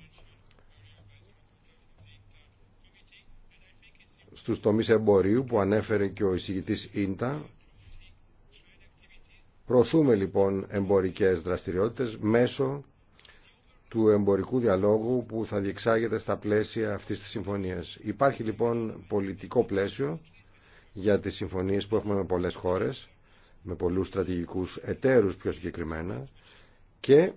στους τομείς εμπορίου που ανέφερε και ο εισηγητής Ίντα. Προωθούμε λοιπόν εμπορικές δραστηριότητες μέσω του εμπορικού διαλόγου που θα διεξάγεται στα πλαίσια αυτής της συμφωνίας. Υπάρχει λοιπόν πολιτικό πλαίσιο για τις συμφωνίες που έχουμε με πολλές χώρες, με πολλούς στρατηγικούς εταίρους πιο συγκεκριμένα και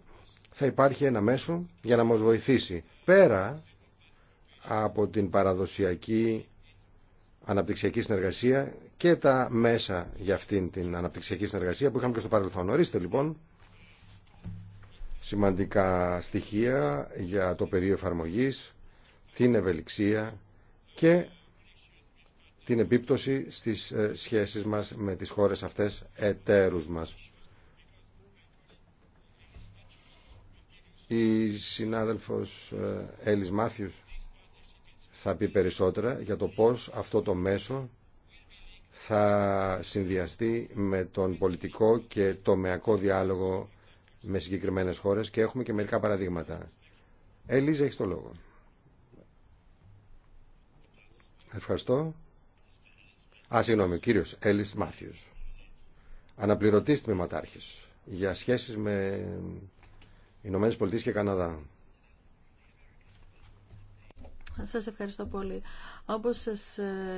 θα υπάρχει ένα μέσο για να μας βοηθήσει πέρα από την παραδοσιακή αναπτυξιακή συνεργασία και τα μέσα για αυτήν την αναπτυξιακή συνεργασία που είχαμε και στο παρελθόν. Ορίστε λοιπόν σημαντικά στοιχεία για το πεδίο εφαρμογής, την ευελιξία και την επίπτωση στις ε, σχέσεις μας με τις χώρες αυτές εταίρους μας. Η συνάδελφος ε, Έλλης Μάθιους θα πει περισσότερα για το πώς αυτό το μέσο θα συνδυαστεί με τον πολιτικό και τομεακό διάλογο με συγκεκριμένε χώρες και έχουμε και μερικά παραδείγματα. Ελίζα, έχει το λόγο. Ευχαριστώ. Α, συγγνώμη, ο κύριος Έλλη Μάθιος. Αναπληρωτής τμήματάρχη για σχέσεις με Ηνωμένες Πολιτείες και Καναδά. Σας ευχαριστώ πολύ. Όπως,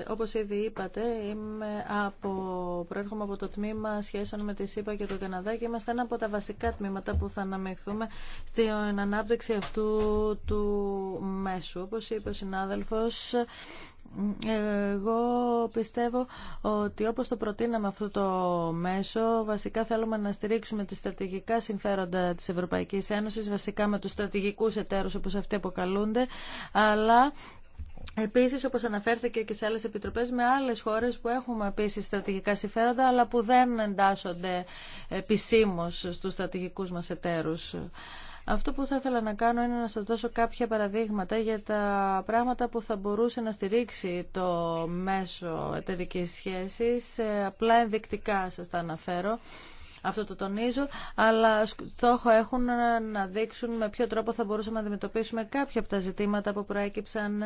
όπως ήδη είπατε, είμαι από, προέρχομαι από το τμήμα σχέσεων με τη ΣΥΠΑ και τον Καναδά και είμαστε ένα από τα βασικά τμήματα που θα αναμειχθούμε στην ανάπτυξη αυτού του μέσου. Όπως είπε ο συνάδελφος, εγώ πιστεύω ότι όπως το προτείναμε αυτό το μέσο, βασικά θέλουμε να στηρίξουμε τις στρατηγικά συμφέροντα της Ευρωπαϊκής Ένωσης, βασικά με τους στρατηγικούς εταίρους όπως αυτοί αποκαλούνται, αλλά Επίση, όπω αναφέρθηκε και σε άλλε επιτροπέ, με άλλε χώρε που έχουμε επίση στρατηγικά συμφέροντα, αλλά που δεν εντάσσονται επισήμω στου στρατηγικού μα εταίρου. Αυτό που θα ήθελα να κάνω είναι να σας δώσω κάποια παραδείγματα για τα πράγματα που θα μπορούσε να στηρίξει το μέσο εταιρικής σχέσης. Ε, απλά ενδεικτικά σας τα αναφέρω. Αυτό το τονίζω, αλλά στόχο έχουν να δείξουν με ποιο τρόπο θα μπορούσαμε να αντιμετωπίσουμε κάποια από τα ζητήματα που προέκυψαν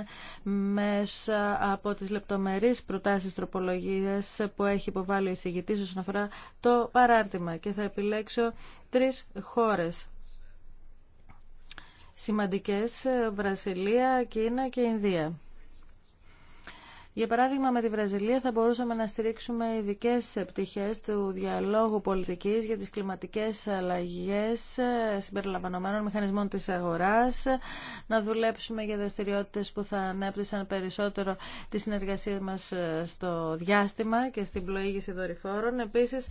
μέσα από τις λεπτομερείς προτάσεις τροπολογίας που έχει υποβάλει η εισηγητής όσον αφορά το παράρτημα. Και θα επιλέξω τρεις χώρες σημαντικές ε, Βραζιλία, Κίνα και Ινδία. Για παράδειγμα, με τη Βραζιλία θα μπορούσαμε να στηρίξουμε ειδικέ ε, πτυχές του διαλόγου πολιτικής για τις κλιματικές αλλαγέ ε, συμπεριλαμβανομένων μηχανισμών της αγοράς, να δουλέψουμε για δραστηριότητε που θα ανέπτυσαν περισσότερο τη συνεργασία μας στο διάστημα και στην πλοήγηση δορυφόρων. Επίσης,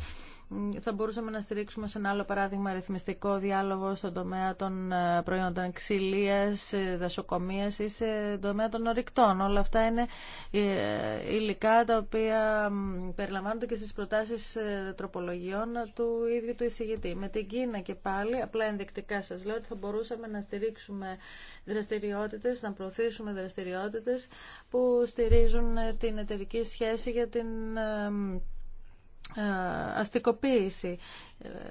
θα μπορούσαμε να στηρίξουμε σε ένα άλλο παράδειγμα αριθμιστικό διάλογο στον τομέα των ε, προϊόντων ξυλία, ε, δασοκομεία ή σε τομέα των ορυκτών. Όλα αυτά είναι ε, υλικά τα οποία περιλαμβάνονται και στι προτάσει τροπολογιών του ίδιου του εισηγητή. Με την Κίνα και πάλι, απλά ενδεικτικά σα λέω ότι θα μπορούσαμε να στηρίξουμε δραστηριότητε, να προωθήσουμε δραστηριότητε που στηρίζουν την εταιρική σχέση για την αστικοποίηση.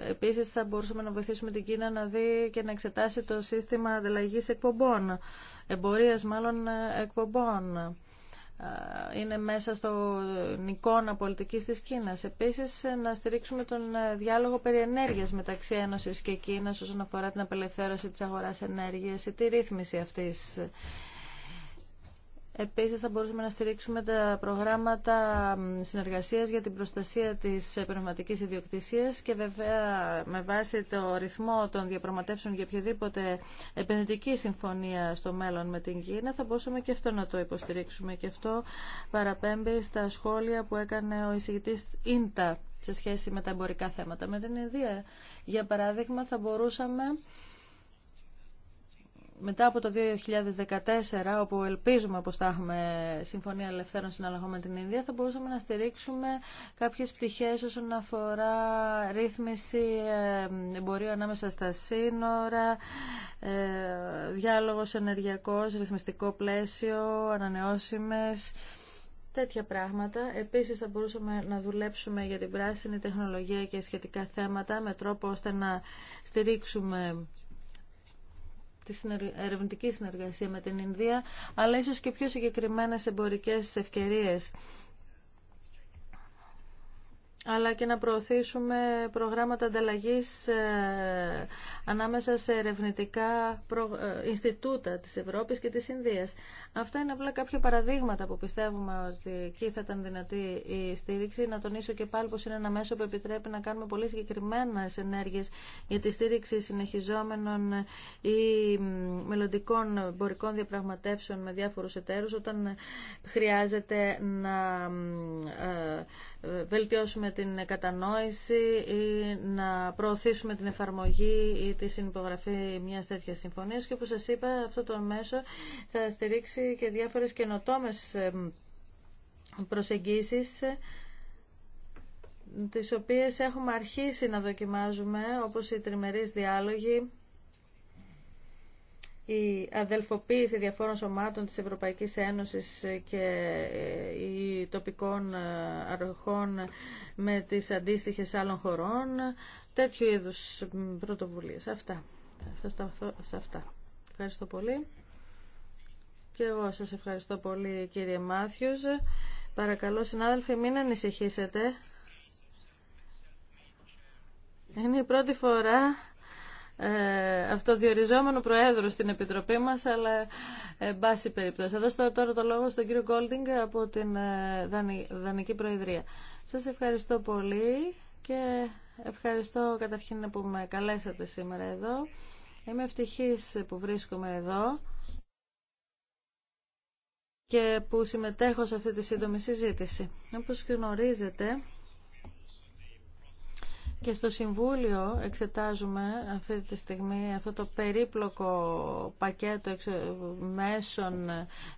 Επίσης θα μπορούσαμε να βοηθήσουμε την Κίνα να δει και να εξετάσει το σύστημα ανταλλαγή εκπομπών, εμπορίας μάλλον ε, εκπομπών είναι μέσα στο εικόνα πολιτικής της Κίνας. Επίσης, να στηρίξουμε τον ε, διάλογο περί ενέργειας μεταξύ Ένωσης και Κίνα όσον αφορά την απελευθέρωση της αγοράς ενέργειας ή τη ρύθμιση αυτής. Επίσης θα μπορούσαμε να στηρίξουμε τα προγράμματα συνεργασίας για την προστασία της πνευματικής ιδιοκτησίας και βέβαια με βάση το ρυθμό των διαπραγματεύσεων για οποιαδήποτε επενδυτική συμφωνία στο μέλλον με την Κίνα θα μπορούσαμε και αυτό να το υποστηρίξουμε και αυτό παραπέμπει στα σχόλια που έκανε ο εισηγητής Ίντα σε σχέση με τα εμπορικά θέματα. Με την Ινδία, για παράδειγμα, θα μπορούσαμε μετά από το 2014, όπου ελπίζουμε πως θα έχουμε συμφωνία ελευθέρων συναλλαγών με την Ινδία, θα μπορούσαμε να στηρίξουμε κάποιες πτυχές όσον αφορά ρύθμιση εμπορίου ανάμεσα στα σύνορα, ε, διάλογος ενεργειακός, ρυθμιστικό πλαίσιο, ανανεώσιμες, τέτοια πράγματα. Επίσης θα μπορούσαμε να δουλέψουμε για την πράσινη τεχνολογία και σχετικά θέματα με τρόπο ώστε να στηρίξουμε τη ερευνητική συνεργασία με την Ινδία, αλλά ίσως και πιο συγκεκριμένες εμπορικές ευκαιρίες αλλά και να προωθήσουμε προγράμματα ανταλλαγής ε, ανάμεσα σε ερευνητικά ε, Ινστιτούτα της Ευρώπης και της Ινδίας. Αυτά είναι απλά κάποια παραδείγματα που πιστεύουμε ότι εκεί θα ήταν δυνατή η στήριξη. Να τονίσω και πάλι πως είναι ένα μέσο που επιτρέπει να κάνουμε πολύ συγκεκριμένε ενέργειες για τη στήριξη συνεχιζόμενων ή μελλοντικών εμπορικών διαπραγματεύσεων με διάφορους εταίρους όταν χρειάζεται να ε, βελτιώσουμε την κατανόηση ή να προωθήσουμε την εφαρμογή ή τη συνυπογραφή μιας τέτοια συμφωνίας και όπως σα είπα αυτό το μέσο θα στηρίξει και διάφορες καινοτόμε προσεγγίσεις τις οποίες έχουμε αρχίσει να δοκιμάζουμε όπως οι τριμερείς διάλογοι η αδελφοποίηση διαφόρων σωμάτων της Ευρωπαϊκής Ένωσης και οι τοπικών αρχών με τις αντίστοιχες άλλων χωρών, τέτοιου είδους πρωτοβουλίες. Αυτά. Θα σταθώ σε αυτά. Ευχαριστώ πολύ. Και εγώ σας ευχαριστώ πολύ κύριε Μάθιους. Παρακαλώ συνάδελφοι μην ανησυχήσετε. Είναι η πρώτη φορά ε, αυτοδιοριζόμενο προέδρο στην Επιτροπή μας, αλλά μπάση ε, πάση περιπτώσει. Θα δώσω τώρα το λόγο στον κύριο Γκόλτινγκ από την ε, Δανική Προεδρία. Σας ευχαριστώ πολύ και ευχαριστώ καταρχήν που με καλέσατε σήμερα εδώ. Είμαι ευτυχής που βρίσκομαι εδώ και που συμμετέχω σε αυτή τη σύντομη συζήτηση. Όπως γνωρίζετε, και στο Συμβούλιο εξετάζουμε αυτή τη στιγμή αυτό το περίπλοκο πακέτο μέσων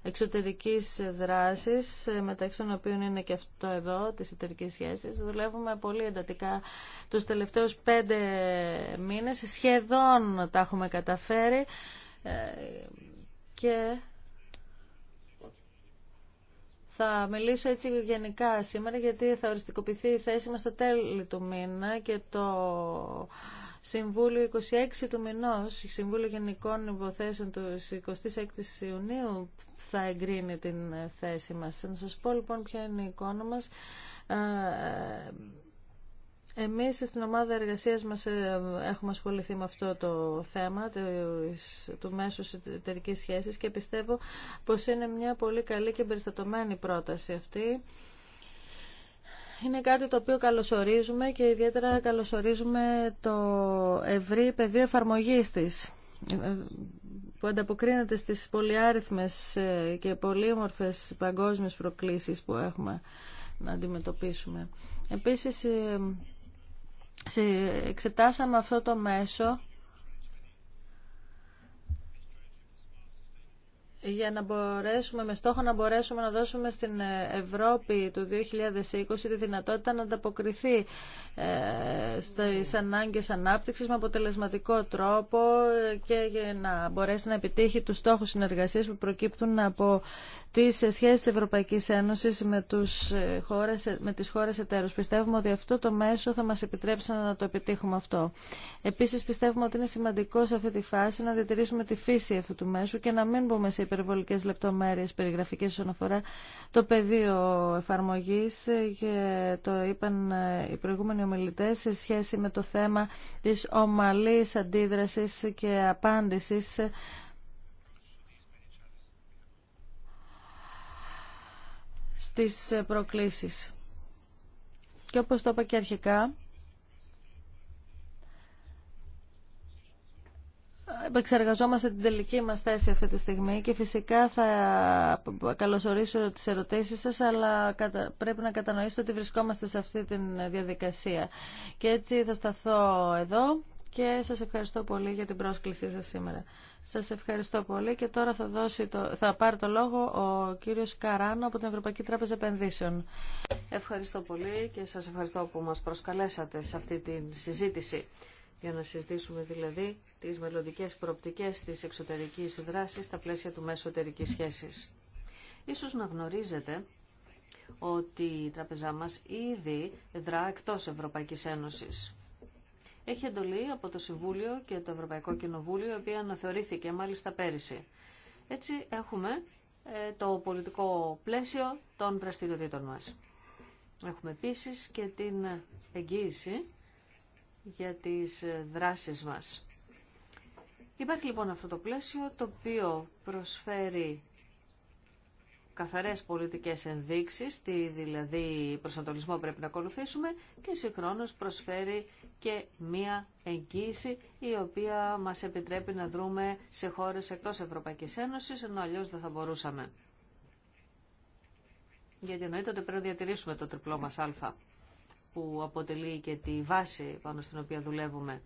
εξωτερικής δράσης, μεταξύ των οποίων είναι και αυτό εδώ, τις εταιρικές σχέσεις. Δουλεύουμε πολύ εντατικά τους τελευταίους πέντε μήνες, σχεδόν τα έχουμε καταφέρει ε, και θα μιλήσω έτσι γενικά σήμερα γιατί θα οριστικοποιηθεί η θέση μας στα τέλη του μήνα και το Συμβούλιο 26 του μηνός, Συμβούλιο Γενικών Υποθέσεων του 26 Ιουνίου θα εγκρίνει την θέση μας. Να σας πω λοιπόν ποια είναι η εικόνα μας ε, εμείς στην ομάδα εργασίας μας ε, έχουμε ασχοληθεί με αυτό το θέμα του μέσου εταιρική σχέσης και πιστεύω πως είναι μια πολύ καλή και περιστατωμένη πρόταση αυτή. Είναι κάτι το οποίο καλωσορίζουμε και ιδιαίτερα καλωσορίζουμε το ευρύ πεδίο εφαρμογής της ε, που ανταποκρίνεται στις πολυάριθμες ε, και πολύμορφες παγκόσμιες προκλήσεις που έχουμε να αντιμετωπίσουμε. Επίσης, εξετάσαμε αυτό το μέσο για να μπορέσουμε, με στόχο να μπορέσουμε να δώσουμε στην ε, Ευρώπη του 2020 τη δυνατότητα να ανταποκριθεί ε, στις ανάγκες ανάπτυξης με αποτελεσματικό τρόπο και να μπορέσει να επιτύχει τους στόχους συνεργασίας που προκύπτουν από τις σχέσεις Ευρωπαϊκής Ένωσης με, τους ε, χώρες, με τις χώρες εταίρους. Πιστεύουμε ότι αυτό το μέσο θα μας επιτρέψει να το επιτύχουμε αυτό. Επίσης πιστεύουμε ότι είναι σημαντικό σε αυτή τη φάση να διατηρήσουμε τη φύση αυτού του μέσου και να μην μπούμε σε υπερβολικές λεπτομέρειες περιγραφικές όσον αφορά το πεδίο εφαρμογής και το είπαν ε, οι προηγούμενοι ομιλητές σε σχέση με το θέμα της ομαλής αντίδρασης και απάντησης στις ε, προκλήσεις. Και όπως το είπα και αρχικά, Επεξεργαζόμαστε την τελική μας θέση αυτή τη στιγμή και φυσικά θα καλωσορίσω τις ερωτήσεις σας, αλλά πρέπει να κατανοήσετε ότι βρισκόμαστε σε αυτή τη διαδικασία. Και έτσι θα σταθώ εδώ και σας ευχαριστώ πολύ για την πρόσκλησή σας σήμερα. Σας ευχαριστώ πολύ και τώρα θα, πάρει το λόγο ο κύριος Καράνο από την Ευρωπαϊκή Τράπεζα Επενδύσεων. Ευχαριστώ πολύ και σας ευχαριστώ που μας προσκαλέσατε σε αυτή τη συζήτηση για να συζητήσουμε δηλαδή τις μελλοντικέ προοπτικές της εξωτερικής δράσης στα πλαίσια του μεσοτερικής σχέσης. Ίσως να γνωρίζετε ότι η τράπεζά μας ήδη δρά εκτός Ευρωπαϊκής Ένωσης έχει εντολή από το Συμβούλιο και το Ευρωπαϊκό Κοινοβούλιο, η οποία αναθεωρήθηκε μάλιστα πέρυσι. Έτσι έχουμε ε, το πολιτικό πλαίσιο των δραστηριοτήτων μας. Έχουμε επίσης και την εγγύηση για τις ε, δράσεις μας. Υπάρχει λοιπόν αυτό το πλαίσιο το οποίο προσφέρει καθαρές πολιτικές ενδείξεις, τι δηλαδή προσανατολισμό πρέπει να ακολουθήσουμε και συγχρόνως προσφέρει και μία εγγύηση η οποία μας επιτρέπει να δρούμε σε χώρες εκτός Ευρωπαϊκής Ένωσης, ενώ αλλιώς δεν θα μπορούσαμε. Γιατί εννοείται ότι πρέπει να διατηρήσουμε το τριπλό μας α, που αποτελεί και τη βάση πάνω στην οποία δουλεύουμε.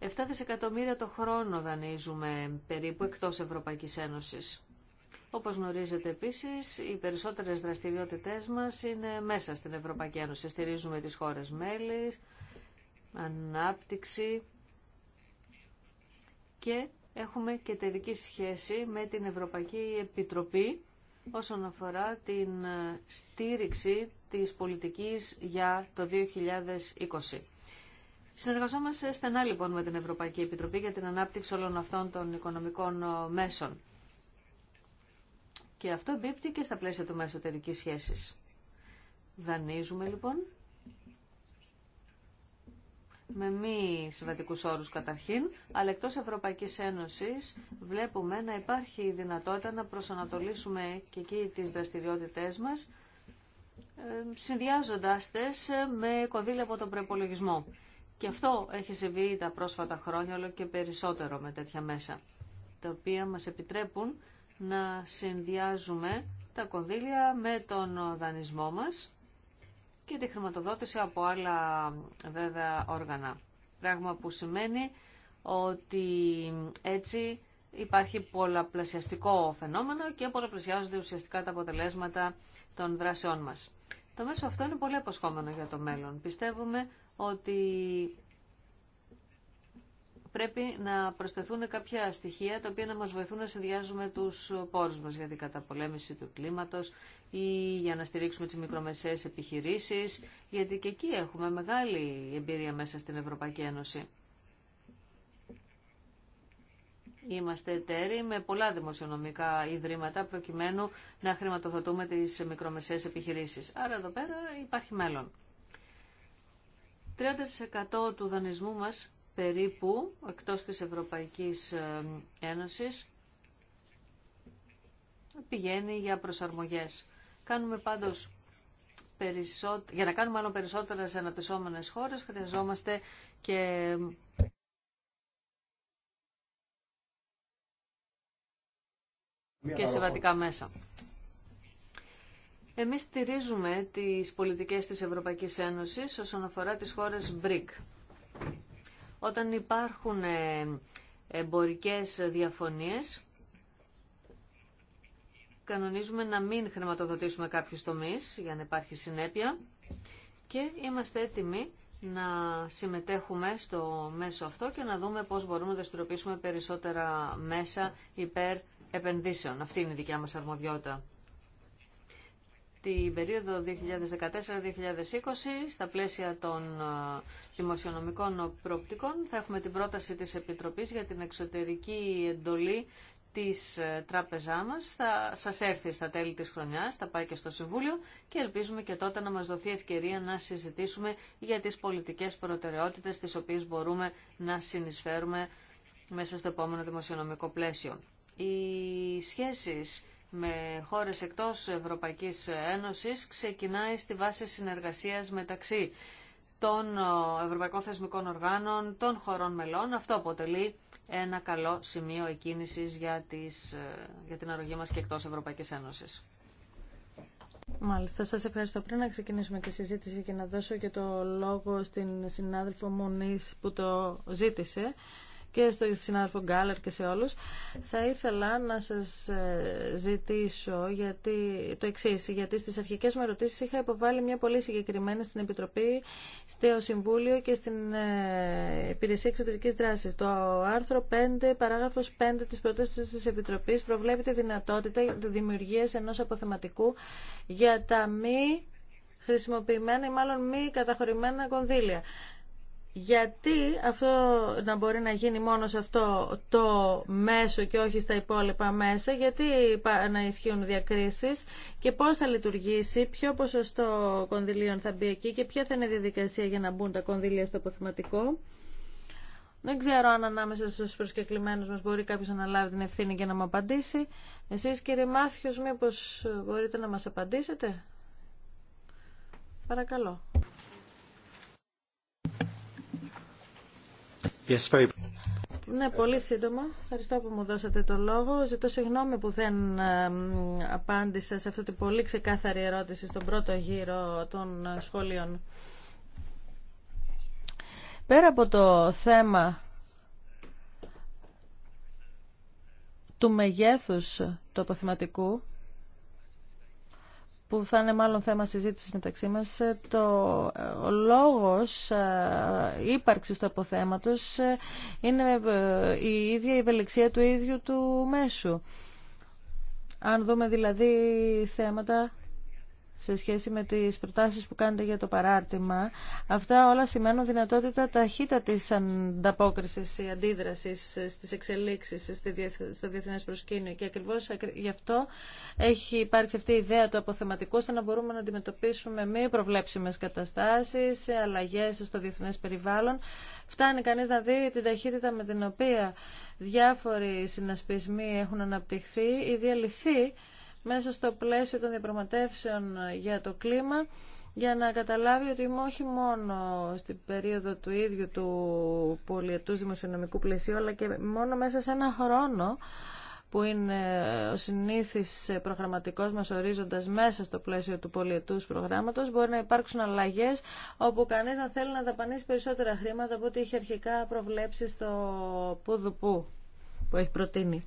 7 δισεκατομμύρια το χρόνο δανείζουμε περίπου εκτός Ευρωπαϊκής Ένωσης. Όπως γνωρίζετε επίσης, οι περισσότερες δραστηριότητές μας είναι μέσα στην Ευρωπαϊκή Ένωση. Στηρίζουμε τις χώρες μέλη, ανάπτυξη και έχουμε και εταιρική σχέση με την Ευρωπαϊκή Επιτροπή όσον αφορά την ε, στήριξη της πολιτικής για το 2020. Συνεργαζόμαστε στενά λοιπόν με την Ευρωπαϊκή Επιτροπή για την ανάπτυξη όλων αυτών των οικονομικών ε, μέσων. Και αυτό εμπίπτει και στα πλαίσια του μεσοτερικής σχέσης. Δανείζουμε λοιπόν με μη συμβατικούς όρους καταρχήν, αλλά εκτός Ευρωπαϊκής Ένωσης βλέπουμε να υπάρχει η δυνατότητα να προσανατολίσουμε και εκεί τις δραστηριότητές μας, συνδυάζοντάς τες ε, με κονδύλια από τον προπολογισμό. Και αυτό έχει συμβεί τα πρόσφατα χρόνια όλο και περισσότερο με τέτοια μέσα, τα οποία μας επιτρέπουν να συνδυάζουμε τα κονδύλια με τον δανεισμό μας και τη χρηματοδότηση από άλλα βέβαια όργανα. Πράγμα που σημαίνει ότι έτσι υπάρχει πολλαπλασιαστικό φαινόμενο και πολλαπλασιάζονται ουσιαστικά τα αποτελέσματα των δράσεών μας. Το μέσο αυτό είναι πολύ αποσχόμενο για το μέλλον. Πιστεύουμε ότι πρέπει να προσθεθούν κάποια στοιχεία τα οποία να μας βοηθούν να συνδυάζουμε τους πόρους μας για την καταπολέμηση του κλίματος ή για να στηρίξουμε τις μικρομεσαίες επιχειρήσεις, γιατί και εκεί έχουμε μεγάλη εμπειρία μέσα στην Ευρωπαϊκή Ένωση. Είμαστε εταίροι με πολλά δημοσιονομικά ιδρύματα προκειμένου να χρηματοδοτούμε τις μικρομεσαίες επιχειρήσεις. Άρα εδώ πέρα υπάρχει μέλλον. 30% του δανεισμού μας περίπου εκτός της Ευρωπαϊκής ε, Ένωσης πηγαίνει για προσαρμογές. Κάνουμε πάντως για να κάνουμε άλλο περισσότερα σε αναπτυσσόμενες χώρες χρειαζόμαστε και και συμβατικά μέσα. Εμείς στηρίζουμε τις πολιτικές της Ευρωπαϊκής Ένωσης όσον αφορά τις χώρες BRIC. Όταν υπάρχουν ε, εμπορικές διαφωνίες, κανονίζουμε να μην χρηματοδοτήσουμε κάποιους τομείς για να υπάρχει συνέπεια και είμαστε έτοιμοι να συμμετέχουμε στο μέσο αυτό και να δούμε πώς μπορούμε να δραστηριοποιήσουμε περισσότερα μέσα υπέρ επενδύσεων. Αυτή είναι η δικιά μας αρμοδιότητα την περίοδο 2014-2020 στα πλαίσια των ε, δημοσιονομικών προοπτικών θα έχουμε την πρόταση της Επιτροπής για την εξωτερική εντολή της ε, τράπεζά μας. Θα σας έρθει στα τέλη της χρονιάς, θα πάει και στο Συμβούλιο και ελπίζουμε και τότε να μας δοθεί ευκαιρία να συζητήσουμε για τις πολιτικές προτεραιότητες τις οποίες μπορούμε να συνεισφέρουμε μέσα στο επόμενο δημοσιονομικό πλαίσιο. Οι σχέσεις με χώρες εκτός Ευρωπαϊκής Ένωσης ξεκινάει στη βάση συνεργασίας μεταξύ των ε, Ευρωπαϊκών Θεσμικών Οργάνων, των χωρών μελών. Αυτό αποτελεί ένα καλό σημείο εκκίνησης για, τις, ε, για την αρρωγή μας και εκτός Ευρωπαϊκής Ένωσης. Μάλιστα, σας ευχαριστώ. Πριν να ξεκινήσουμε τη συζήτηση και να δώσω και το λόγο στην συνάδελφο Μονής που το ζήτησε, και στο συνάδελφο Γκάλερ και σε όλους θα ήθελα να σας ε, ζητήσω γιατί, το εξή, γιατί στις αρχικές μου ερωτήσεις είχα υποβάλει μια πολύ συγκεκριμένη στην Επιτροπή, στο Συμβούλιο και στην ε, Υπηρεσία Εξωτερικής Δράσης. Το άρθρο 5, παράγραφος 5 της πρότασης της Επιτροπής προβλέπει τη δυνατότητα δημιουργίας ενός αποθεματικού για τα μη χρησιμοποιημένα ή μάλλον μη καταχωρημένα κονδύλια γιατί αυτό να μπορεί να γίνει μόνο σε αυτό το μέσο και όχι στα υπόλοιπα μέσα, γιατί να ισχύουν διακρίσεις και πώς θα λειτουργήσει, ποιο ποσοστό κονδυλίων θα μπει εκεί και ποια θα είναι η διαδικασία για να μπουν τα κονδύλια στο αποθηματικό. Δεν ξέρω αν ανάμεσα στους προσκεκλημένους μας μπορεί κάποιος να λάβει την ευθύνη και να μου απαντήσει. Εσείς κύριε Μάθιος μήπως μπορείτε να μας απαντήσετε. Παρακαλώ. Yes, Ναι, πολύ σύντομα. Ευχαριστώ που μου δώσατε το λόγο. Ζητώ συγγνώμη που δεν απάντησα σε αυτή την πολύ ξεκάθαρη ερώτηση στον πρώτο γύρο των σχολείων. Πέρα από το θέμα του μεγέθους του αποθηματικού, που θα είναι μάλλον θέμα συζήτησης μεταξύ μας, ε, το, ε, ο λόγος ε, ύπαρξης του αποθέματος είναι η ίδια η ευελιξία του ίδιου του μέσου. Αν δούμε δηλαδή θέματα σε σχέση με τις προτάσεις που κάνετε για το παράρτημα. Αυτά όλα σημαίνουν δυνατότητα ταχύτατης ανταπόκρισης ή αντίδρασης στις εξελίξεις στο διεθνές προσκήνιο. Και ακριβώς γι' αυτό έχει υπάρξει αυτή η ιδέα του αποθεματικού, ώστε να μπορούμε να αντιμετωπίσουμε μη προβλέψιμες καταστάσεις, αλλαγές στο διεθνές περιβάλλον. Φτάνει κανείς να δει την ταχύτητα με την οποία διάφοροι συνασπισμοί έχουν αναπτυχθεί ή διαλυθεί μέσα στο πλαίσιο των διαπραγματεύσεων για το κλίμα για να καταλάβει ότι όχι μόνο στην περίοδο του ίδιου του πολιετού δημοσιονομικού πλαισίου αλλά και μόνο μέσα σε ένα χρόνο που είναι ο συνήθις προγραμματικός μας ορίζοντας μέσα στο πλαίσιο του πολιετούς προγράμματος μπορεί να υπάρξουν αλλαγές όπου κανείς να θέλει να δαπανίσει περισσότερα χρήματα από ό,τι είχε αρχικά προβλέψει στο πουδουπού που έχει προτείνει.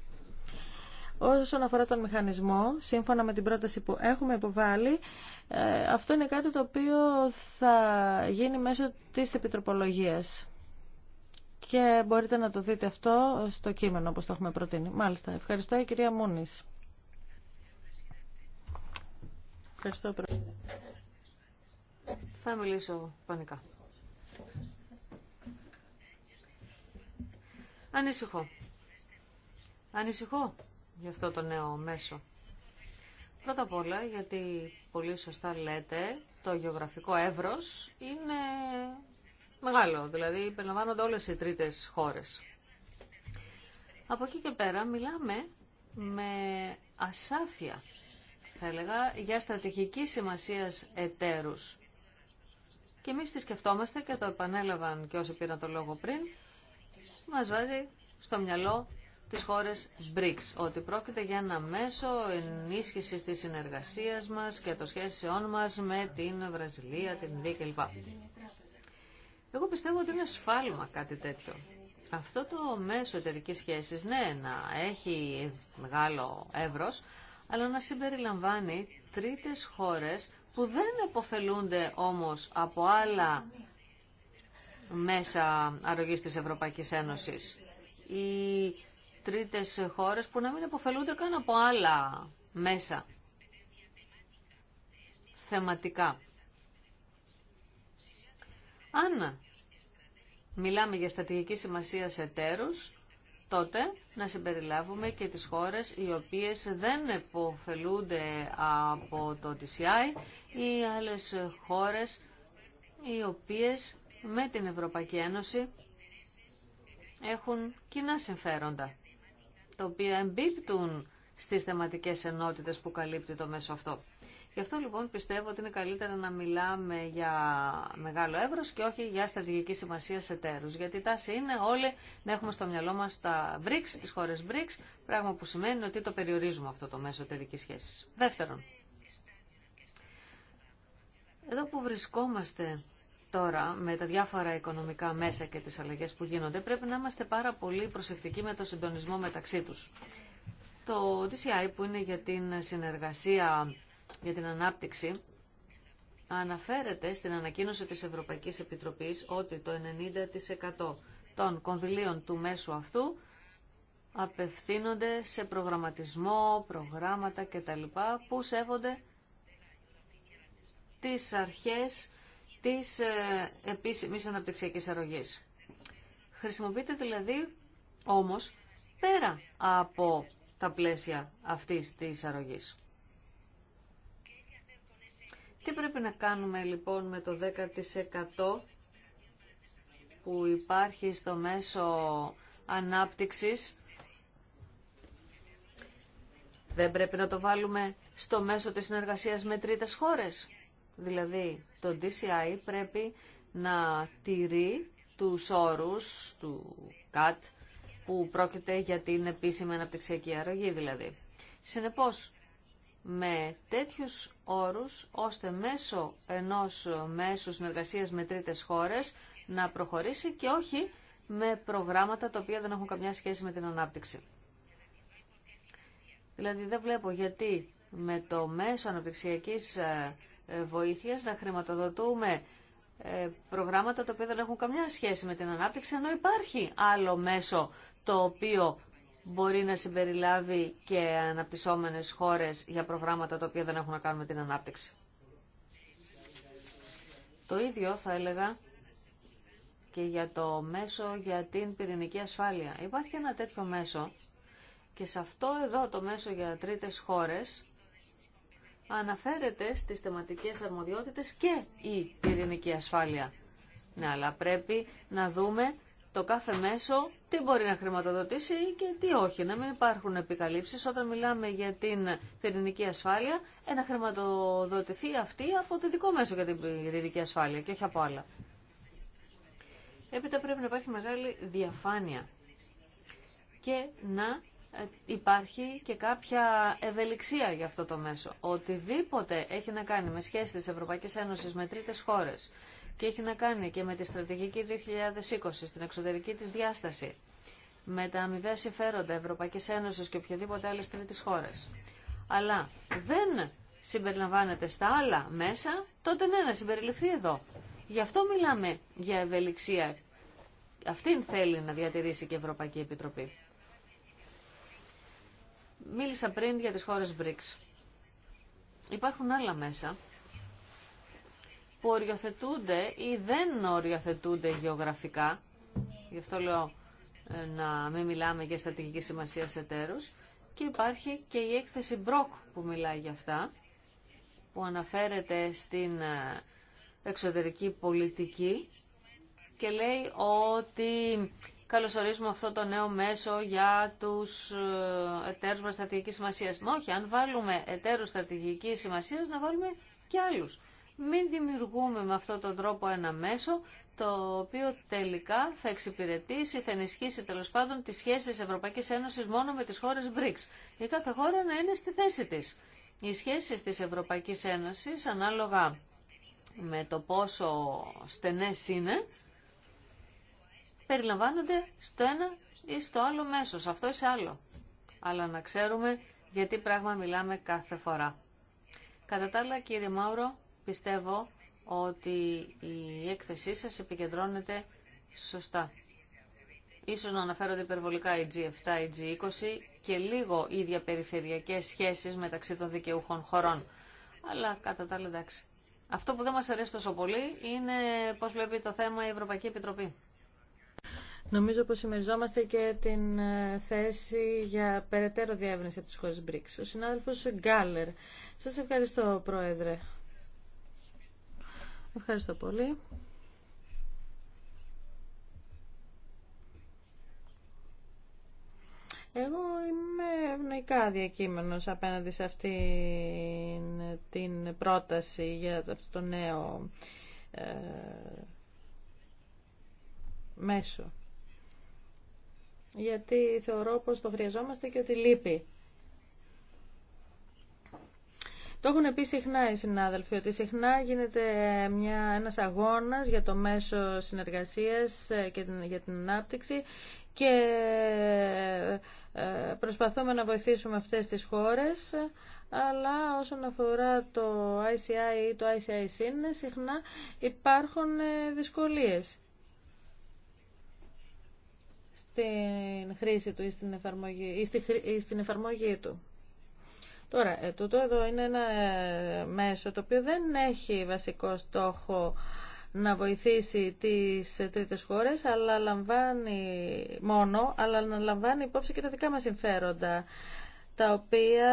Όσον αφορά τον μηχανισμό, σύμφωνα με την πρόταση που έχουμε υποβάλει, ε, αυτό είναι κάτι το οποίο θα γίνει μέσω της επιτροπολογίας. Και μπορείτε να το δείτε αυτό στο κείμενο, όπως το έχουμε προτείνει. Μάλιστα. Ευχαριστώ, η κυρία Μούνης. Ευχαριστώ, Πρόεδρε. Θα μιλήσω πανικά. Ανησυχώ. Ανησυχώ για αυτό το νέο μέσο. Πρώτα απ' όλα, γιατί πολύ σωστά λέτε, το γεωγραφικό εύρος είναι μεγάλο, δηλαδή περιλαμβάνονται όλες οι τρίτες χώρες. Από εκεί και πέρα μιλάμε με ασάφια, θα έλεγα, για στρατηγική σημασίας εταίρους. Και εμείς τη σκεφτόμαστε και το επανέλαβαν και όσοι πήραν το λόγο πριν, μας βάζει στο μυαλό τις χώρες BRICS, ότι πρόκειται για ένα μέσο ενίσχυσης της συνεργασίας μας και των σχέσεών μας με την Βραζιλία, την Ινδία κλπ. Εγώ πιστεύω ότι είναι σφάλμα κάτι τέτοιο. Αυτό το μέσο εταιρικής σχέσης, ναι, να έχει μεγάλο εύρος, αλλά να συμπεριλαμβάνει τρίτες χώρες που δεν εποφελούνται όμως από άλλα μέσα αρρωγής της Ευρωπαϊκής Ένωσης τρίτες χώρες που να μην αποφελούνται καν από άλλα μέσα θεματικά. Αν μιλάμε για στατηγική σημασία σε τότε να συμπεριλάβουμε και τις χώρες οι οποίες δεν εποφελούνται από το TCI ή άλλες χώρες οι οποίες με την Ευρωπαϊκή Ένωση έχουν κοινά συμφέροντα τα οποία εμπίπτουν στις θεματικές ενότητες που καλύπτει το μέσο αυτό. Γι' αυτό λοιπόν πιστεύω ότι είναι καλύτερα να μιλάμε για μεγάλο εύρος και όχι για στρατηγική σημασία σε τέρους. Γιατί η τάση είναι όλοι να έχουμε στο μυαλό μας τα BRICS, τις χώρες BRICS, πράγμα που σημαίνει ότι το περιορίζουμε αυτό το μέσο εταιρική σχέση. Δεύτερον, εδώ που βρισκόμαστε τώρα με τα διάφορα οικονομικά μέσα και τις αλλαγές που γίνονται πρέπει να είμαστε πάρα πολύ προσεκτικοί με το συντονισμό μεταξύ τους. Το DCI που είναι για την συνεργασία για την ανάπτυξη αναφέρεται στην ανακοίνωση της Ευρωπαϊκής Επιτροπής ότι το 90% των κονδυλίων του μέσου αυτού απευθύνονται σε προγραμματισμό, προγράμματα κτλ. που σέβονται τις αρχές της ε, επίσημης αναπτυξιακής αρρωγής. Χρησιμοποιείται δηλαδή όμως πέρα από τα πλαίσια αυτής της αρρωγής. Τι πρέπει να κάνουμε λοιπόν με το 10% που υπάρχει στο μέσο ανάπτυξης. Δεν πρέπει να το βάλουμε στο μέσο της συνεργασίας με τρίτες χώρες δηλαδή το DCI πρέπει να τηρεί τους όρους του ΚΑΤ που πρόκειται για την επίσημη αναπτυξιακή αρρωγή δηλαδή. Συνεπώς, με τέτοιους όρους, ώστε μέσω ενός μέσου συνεργασίας με τρίτες χώρες να προχωρήσει και όχι με προγράμματα τα οποία δεν έχουν καμιά σχέση με την ανάπτυξη. Δηλαδή δεν βλέπω γιατί με το μέσο αναπτυξιακής ε, ε, βοήθειας, να χρηματοδοτούμε ε, προγράμματα τα οποία δεν έχουν καμιά σχέση με την ανάπτυξη, ενώ υπάρχει άλλο μέσο το οποίο μπορεί να συμπεριλάβει και αναπτυσσόμενες χώρες για προγράμματα τα οποία δεν έχουν να κάνουν με την ανάπτυξη. Το ίδιο θα έλεγα και για το μέσο για την πυρηνική ασφάλεια. Υπάρχει ένα τέτοιο μέσο και σε αυτό εδώ το μέσο για τρίτες χώρες αναφέρεται στις θεματικές αρμοδιότητες και η πυρηνική ασφάλεια. Ναι, αλλά πρέπει να δούμε το κάθε μέσο τι μπορεί να χρηματοδοτήσει και τι όχι. Να μην υπάρχουν επικαλύψεις όταν μιλάμε για την πυρηνική ασφάλεια, ε, να χρηματοδοτηθεί αυτή από το δικό μέσο για την πυρηνική ασφάλεια και όχι από άλλα. Έπειτα πρέπει να υπάρχει μεγάλη διαφάνεια και να ε, υπάρχει και κάποια ευελιξία για αυτό το μέσο. Οτιδήποτε έχει να κάνει με σχέσεις της Ευρωπαϊκής Ένωσης με τρίτες χώρες και έχει να κάνει και με τη στρατηγική 2020 στην εξωτερική της διάσταση, με τα αμοιβαία συμφέροντα Ευρωπαϊκής Ένωσης και οποιαδήποτε άλλες τρίτες χώρες. Αλλά δεν συμπεριλαμβάνεται στα άλλα μέσα, τότε ναι, να συμπεριληφθεί εδώ. Γι' αυτό μιλάμε για ευελιξία. Αυτήν θέλει να διατηρήσει και η Ευρωπαϊκή Επιτροπή. Μίλησα πριν για τις χώρες BRICS. Υπάρχουν άλλα μέσα που οριοθετούνται ή δεν οριοθετούνται γεωγραφικά. Γι' αυτό λέω ε, να μην μιλάμε για στρατηγική σημασία τέρους. Και υπάρχει και η έκθεση Μπροκ που μιλάει για αυτά, που αναφέρεται στην ε, εξωτερική πολιτική και λέει ότι καλωσορίζουμε αυτό το νέο μέσο για τους ε, εταίρους μας στρατηγική σημασία. Μα όχι, αν βάλουμε εταίρους στρατηγική σημασία να βάλουμε και άλλους. Μην δημιουργούμε με αυτόν τον τρόπο ένα μέσο, το οποίο τελικά θα εξυπηρετήσει, θα ενισχύσει τέλο πάντων τις σχέσεις Ευρωπαϊκής Ένωσης μόνο με τις χώρες BRICS. Η κάθε χώρα να είναι στη θέση της. Οι σχέσεις της Ευρωπαϊκής Ένωσης, ανάλογα με το πόσο στενές είναι, περιλαμβάνονται στο ένα ή στο άλλο μέσο, σε αυτό ή σε άλλο. Αλλά να ξέρουμε γιατί πράγμα μιλάμε κάθε φορά. Κατά τα άλλα, κύριε Μάουρο, πιστεύω ότι η έκθεσή σας επικεντρώνεται σωστά. Ίσως να αναφέρονται υπερβολικά η G7, η G20 και λίγο οι διαπεριφερειακές σχέσεις μεταξύ των δικαιούχων χωρών. Αλλά κατά τα άλλα εντάξει. Αυτό που δεν μας αρέσει τόσο πολύ είναι πώς βλέπει το θέμα η Ευρωπαϊκή Επιτροπή. Νομίζω πως συμμεριζόμαστε και την ε, θέση για περαιτέρω διεύρυνση από τις χώρες BRICS. Ο συνάδελφος Γκάλερ. Σας ευχαριστώ, Πρόεδρε. Ευχαριστώ πολύ. Εγώ είμαι ευνοϊκά διακείμενος απέναντι σε αυτή την πρόταση για αυτό το νέο ε, μέσο γιατί θεωρώ πως το χρειαζόμαστε και ότι λείπει. Το έχουν πει συχνά οι συνάδελφοι, ότι συχνά γίνεται μια, ένας αγώνας για το μέσο συνεργασίας ε, και για την ανάπτυξη και ε, προσπαθούμε να βοηθήσουμε αυτές τις χώρες, αλλά όσον αφορά το ICI ή το ICI είναι συχνά υπάρχουν ε, δυσκολίες στην χρήση του ή στην εφαρμογή, στην εφαρμογή του. Τώρα, ε, τούτο εδώ είναι ένα ε, μέσο το οποίο δεν έχει βασικό στόχο να βοηθήσει τις ε, τρίτες χώρες, αλλά λαμβάνει μόνο, αλλά να λαμβάνει υπόψη και τα δικά μας συμφέροντα, τα οποία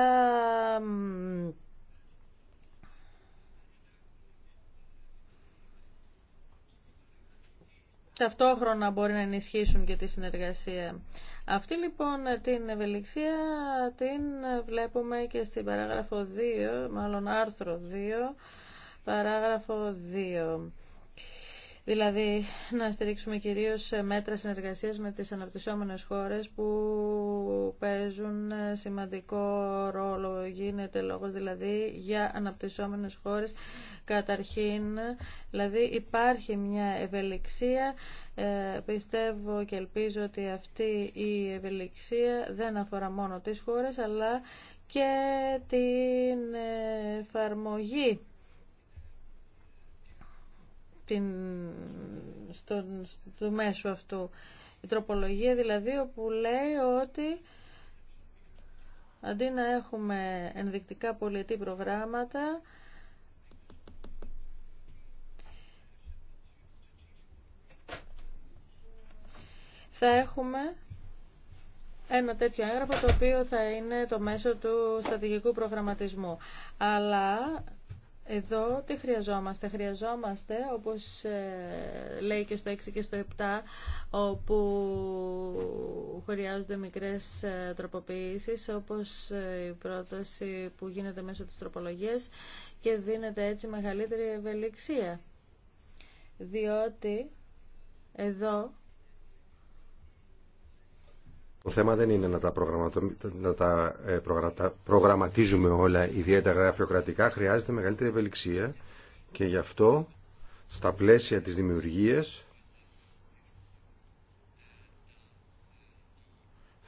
ταυτόχρονα μπορεί να ενισχύσουν και τη συνεργασία. Αυτή λοιπόν την ευελιξία την βλέπουμε και στην παράγραφο 2, μάλλον άρθρο 2, παράγραφο 2. Δηλαδή να στηρίξουμε κυρίως μέτρα συνεργασίας με τις αναπτυσσόμενες χώρες που παίζουν σημαντικό ρόλο. Γίνεται λόγος δηλαδή για αναπτυσσόμενες χώρες καταρχήν. Δηλαδή υπάρχει μια ευελιξία. Ε, πιστεύω και ελπίζω ότι αυτή η ευελιξία δεν αφορά μόνο τις χώρες αλλά και την εφαρμογή στην, στο, μέσο αυτού. Η τροπολογία δηλαδή όπου λέει ότι αντί να έχουμε ενδεικτικά πολιτή προγράμματα θα έχουμε ένα τέτοιο έγγραφο το οποίο θα είναι το μέσο του στρατηγικού προγραμματισμού. Αλλά εδώ τι χρειαζόμαστε. Χρειαζόμαστε, όπως ε, λέει και στο 6 και στο 7, όπου χρειάζονται μικρές ε, τροποποιήσεις, όπως ε, η πρόταση που γίνεται μέσω της τροπολογίας και δίνεται έτσι μεγαλύτερη ευελιξία. Διότι εδώ το θέμα δεν είναι να τα, να τα ε, προγραμματίζουμε όλα ιδιαίτερα γραφειοκρατικά. Χρειάζεται μεγαλύτερη ευελιξία και γι' αυτό στα πλαίσια της δημιουργίας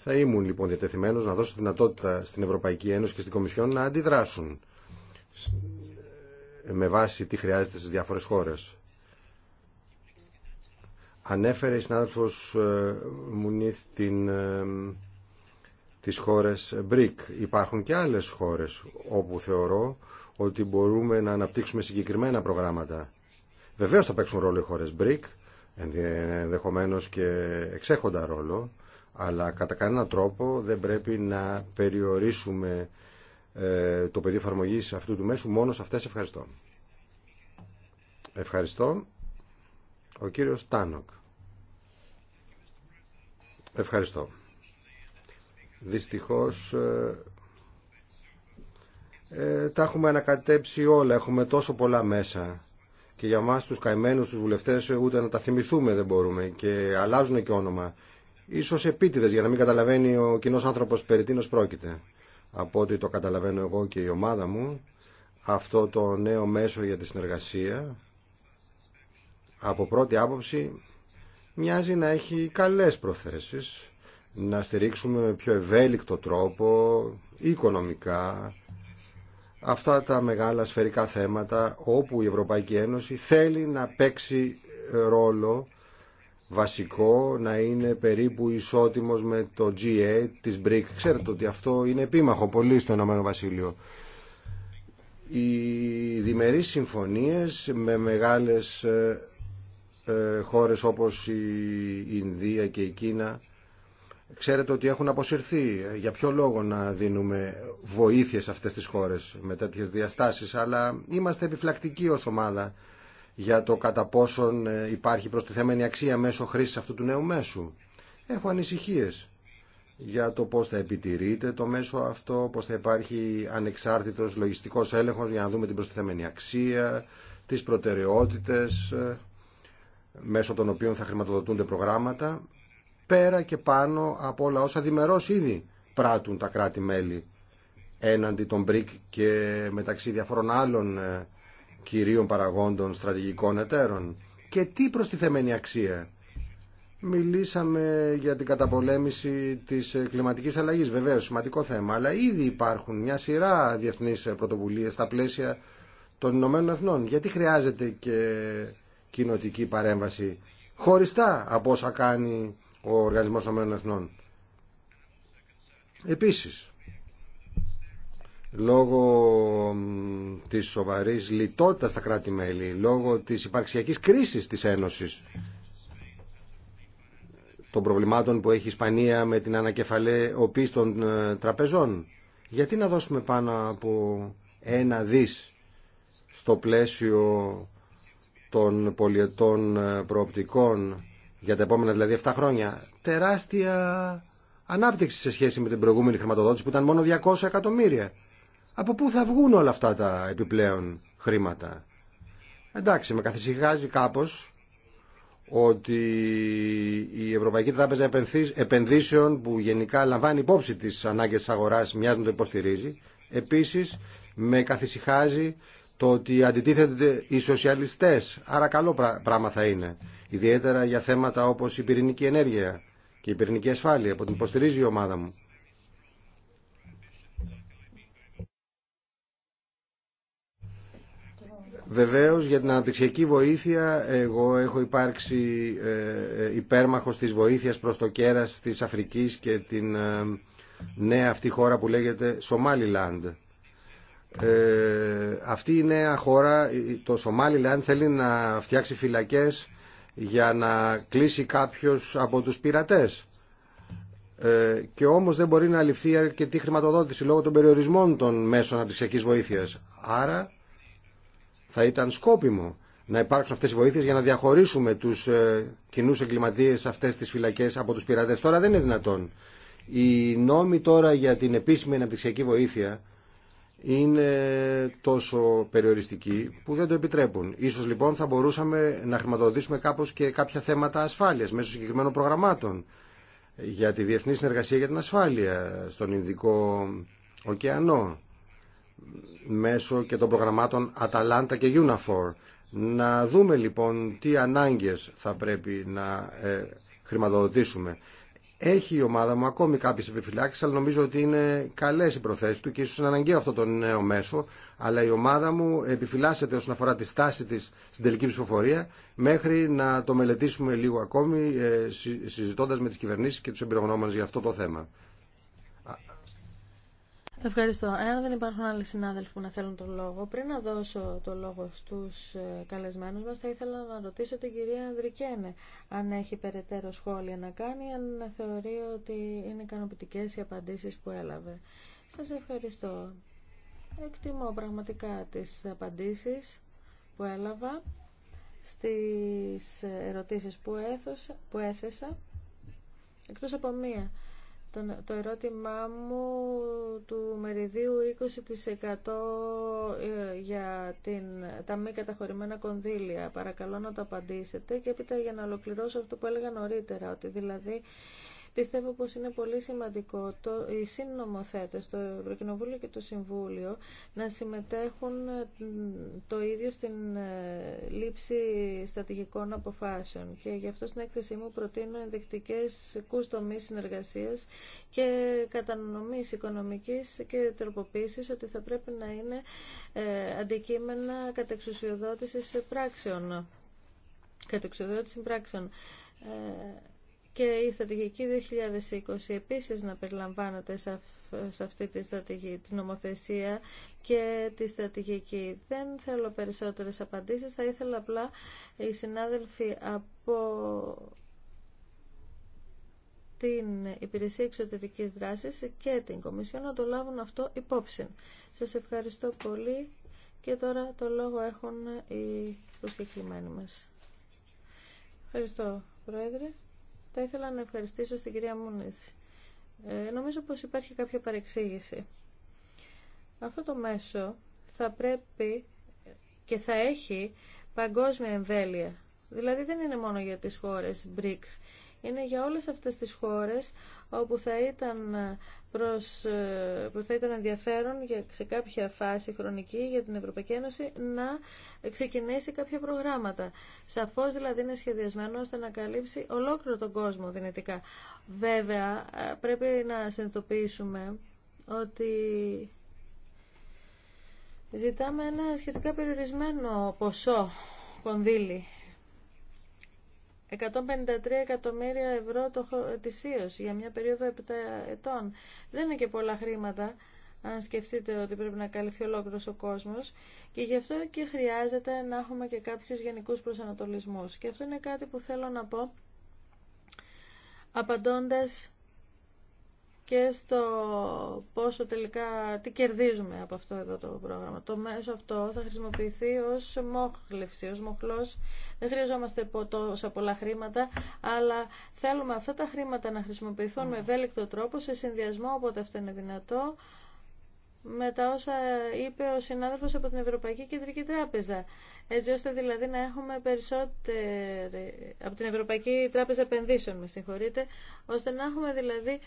Θα ήμουν λοιπόν διατεθειμένος να δώσω δυνατότητα στην Ευρωπαϊκή Ένωση και στην Κομισιόν να αντιδράσουν ε, με βάση τι χρειάζεται στις διάφορες χώρες. Ανέφερε η συνάδελφος ε, Μουνίθ την, ε, τις χώρες BRIC. Υπάρχουν και άλλες χώρες όπου θεωρώ ότι μπορούμε να αναπτύξουμε συγκεκριμένα προγράμματα. Βεβαίως θα παίξουν ρόλο οι χώρες BRIC, ενδεχομένω και εξέχοντα ρόλο, αλλά κατά κανένα τρόπο δεν πρέπει να περιορίσουμε ε, το πεδίο εφαρμογή αυτού του μέσου μόνο σε αυτές. Ευχαριστώ. Ευχαριστώ. Ο κύριος Τάνοκ. Ευχαριστώ. Δυστυχώς ε, ε, τα έχουμε ανακατέψει όλα, έχουμε τόσο πολλά μέσα και για μας τους καημένους, τους βουλευτές ε, ούτε να τα θυμηθούμε δεν μπορούμε και αλλάζουν και όνομα. Ίσως επίτηδες για να μην καταλαβαίνει ο κοινό άνθρωπος περί τίνος πρόκειται. Από ό,τι το καταλαβαίνω εγώ και η ομάδα μου, αυτό το νέο μέσο για τη συνεργασία από πρώτη άποψη μοιάζει να έχει καλές προθέσεις να στηρίξουμε με πιο ευέλικτο τρόπο οικονομικά αυτά τα μεγάλα σφαιρικά θέματα όπου η Ευρωπαϊκή Ένωση θέλει να παίξει ρόλο βασικό να είναι περίπου ισότιμος με το G8 της BRIC. Ξέρετε ότι αυτό είναι επίμαχο πολύ στο Ηνωμένο Βασίλειο. Οι διμερείς συμφωνίες με μεγάλες ε, ε, χώρες όπως η Ινδία και η Κίνα ξέρετε ότι έχουν αποσυρθεί. Για ποιο λόγο να δίνουμε βοήθειες σε αυτές τις χώρες με τέτοιες διαστάσεις, αλλά είμαστε επιφλακτικοί ως ομάδα για το κατά πόσον ε, υπάρχει προστιθέμενη αξία μέσω χρήσης αυτού του νέου μέσου. Έχω ανησυχίες για το πώς θα επιτηρείται το μέσο αυτό, πώς θα υπάρχει ανεξάρτητος λογιστικός έλεγχος για να δούμε την προστιθέμενη αξία, τις προτεραιότητες, ε, μέσω των οποίων θα χρηματοδοτούνται προγράμματα πέρα και πάνω από όλα όσα διμερώς ήδη πράττουν τα κράτη-μέλη έναντι των BRIC και μεταξύ διαφορών άλλων ε, κυρίων παραγόντων στρατηγικών εταίρων. Και τι προστιθεμένη αξία. Μιλήσαμε για την καταπολέμηση της ε, κλιματικής αλλαγής, βεβαίως σημαντικό θέμα, αλλά ήδη υπάρχουν μια σειρά διεθνείς πρωτοβουλίες στα πλαίσια των Ηνωμένων Εθνών. Γιατί χρειάζεται και κοινοτική παρέμβαση χωριστά από όσα κάνει ο Οργανισμός Ομένων Εθνών. Επίσης, λόγω της σοβαρής λιτότητας στα κράτη-μέλη, λόγω της υπαρξιακής κρίσης της Ένωσης, των προβλημάτων που έχει η Ισπανία με την ανακεφαλαιοποίηση των ε, τραπεζών, γιατί να δώσουμε πάνω από ένα δις στο πλαίσιο των πολιετών ε, προοπτικών για τα επόμενα δηλαδή 7 χρόνια τεράστια ανάπτυξη σε σχέση με την προηγούμενη χρηματοδότηση που ήταν μόνο 200 εκατομμύρια. Από πού θα βγουν όλα αυτά τα επιπλέον χρήματα. Εντάξει, με καθησυχάζει κάπως ότι η Ευρωπαϊκή Τράπεζα Επενδύσεων που γενικά λαμβάνει υπόψη τις ανάγκες της αγοράς μοιάζει να το υποστηρίζει. Επίσης, με καθησυχάζει το ότι αντιτίθεται οι σοσιαλιστές. Άρα καλό πράγμα θα είναι. Ιδιαίτερα για θέματα όπως η πυρηνική ενέργεια και η πυρηνική ασφάλεια που την υποστηρίζει η ομάδα μου. Βεβαίως για την αναπτυξιακή βοήθεια εγώ έχω υπάρξει ε, ε, υπέρμαχος της βοήθειας προς το κέρας της Αφρικής και την ε, νέα αυτή χώρα που λέγεται Σομάλιλάντ ε, αυτή η νέα χώρα, το Σομάλιλαντ, θέλει να φτιάξει φυλακές για να κλείσει κάποιος από τους πειρατές. Ε, και όμως δεν μπορεί να ληφθεί αρκετή χρηματοδότηση λόγω των περιορισμών των μέσων αναπτυξιακής βοήθειας. Άρα θα ήταν σκόπιμο να υπάρξουν αυτές οι βοήθειες για να διαχωρίσουμε τους ε, κοινού εγκληματίες αυτές τις φυλακές από τους πειρατές. Τώρα δεν είναι δυνατόν. Οι νόμοι τώρα για την επίσημη αναπτυξιακή βοήθεια είναι τόσο περιοριστικοί που δεν το επιτρέπουν. Ίσως λοιπόν θα μπορούσαμε να χρηματοδοτήσουμε κάπως και κάποια θέματα ασφάλειας μέσω συγκεκριμένων προγραμμάτων για τη διεθνή συνεργασία για την ασφάλεια στον Ινδικό ωκεανό μέσω και των προγραμμάτων Αταλάντα και Unifor. Να δούμε λοιπόν τι ανάγκες θα πρέπει να ε, χρηματοδοτήσουμε. Έχει η ομάδα μου ακόμη κάποιε επιφυλάξει, αλλά νομίζω ότι είναι καλέ οι προθέσει του και ίσω είναι αναγκαίο αυτό το νέο μέσο. Αλλά η ομάδα μου επιφυλάσσεται όσον αφορά τη στάση τη στην τελική ψηφοφορία, μέχρι να το μελετήσουμε λίγο ακόμη, ε, συζητώντα με τι κυβερνήσει και του εμπειρογνώμονε για αυτό το θέμα. Ευχαριστώ. Εάν δεν υπάρχουν άλλοι συνάδελφοι που να θέλουν τον λόγο, πριν να δώσω το λόγο στους ε, καλεσμένους μας, θα ήθελα να ρωτήσω την κυρία Ανδρικένε αν έχει περαιτέρω σχόλια να κάνει, αν θεωρεί ότι είναι ικανοποιητικέ οι απαντήσεις που έλαβε. Σας ευχαριστώ. Εκτιμώ πραγματικά τις απαντήσεις που έλαβα στις ερωτήσεις που, που έθεσα, εκτός από μία το ερώτημά μου του μεριδίου 20% ε, για την, τα μη καταχωρημένα κονδύλια. Παρακαλώ να το απαντήσετε και έπειτα για να ολοκληρώσω αυτό που έλεγα νωρίτερα, ότι δηλαδή Πιστεύω πως είναι πολύ σημαντικό το, οι συνομοθέτες, το Ευρωκοινοβούλιο και το Συμβούλιο, να συμμετέχουν ε, το ίδιο στην ε, λήψη στρατηγικών αποφάσεων. Και γι' αυτό στην έκθεσή μου προτείνω ενδεικτικές τομείς συνεργασίας και κατανομής οικονομικής και τροποποίησης ότι θα πρέπει να είναι ε, αντικείμενα κατεξουσιοδότησης πράξεων. Κατεξουσιοδότηση πράξεων και η στρατηγική 2020 επίσης να περιλαμβάνεται σε αυτή τη στρατηγική, την νομοθεσία και τη στρατηγική. Δεν θέλω περισσότερες απαντήσεις, θα ήθελα απλά οι συνάδελφοι από την Υπηρεσία Εξωτερικής Δράσης και την Κομισιό να το λάβουν αυτό υπόψη. Σας ευχαριστώ πολύ και τώρα το λόγο έχουν οι προσκεκλημένοι μας. Ευχαριστώ, Πρόεδρε. Θα ήθελα να ευχαριστήσω στην κυρία Μούνης. Ε, νομίζω πως υπάρχει κάποια παρεξήγηση. Αυτό το μέσο θα πρέπει και θα έχει παγκόσμια εμβέλεια. Δηλαδή δεν είναι μόνο για τις χώρες BRICS. Είναι για όλες αυτές τις χώρες όπου θα ήταν προς, ε, που θα ήταν ενδιαφέρον για, σε κάποια φάση χρονική για την Ευρωπαϊκή Ένωση να ξεκινήσει κάποια προγράμματα. Σαφώς δηλαδή είναι σχεδιασμένο ώστε να καλύψει ολόκληρο τον κόσμο δυνητικά. Βέβαια ε, πρέπει να συνειδητοποιήσουμε ότι ζητάμε ένα σχετικά περιορισμένο ποσό κονδύλι 153 εκατομμύρια ευρώ το ετησίως για μια περίοδο 7 ετών. Δεν είναι και πολλά χρήματα αν σκεφτείτε ότι πρέπει να καλυφθεί ολόκληρος ο κόσμος και γι' αυτό και χρειάζεται να έχουμε και κάποιους γενικούς προσανατολισμούς. Και αυτό είναι κάτι που θέλω να πω απαντώντας και στο πόσο τελικά τι κερδίζουμε από αυτό εδώ το πρόγραμμα. Το μέσο αυτό θα χρησιμοποιηθεί ως μόχλευση, ως μοχλός. Δεν χρειαζόμαστε τόσα πολλά χρήματα, αλλά θέλουμε αυτά τα χρήματα να χρησιμοποιηθούν με ευέλικτο τρόπο σε συνδυασμό, όποτε αυτό είναι δυνατό, με τα όσα είπε ο συνάδελφος από την Ευρωπαϊκή Κεντρική Τράπεζα. Έτσι ώστε δηλαδή να έχουμε περισσότερη, από την Ευρωπαϊκή Τράπεζα Επενδύσεων, με συγχωρείτε, ώστε να έχουμε δηλαδή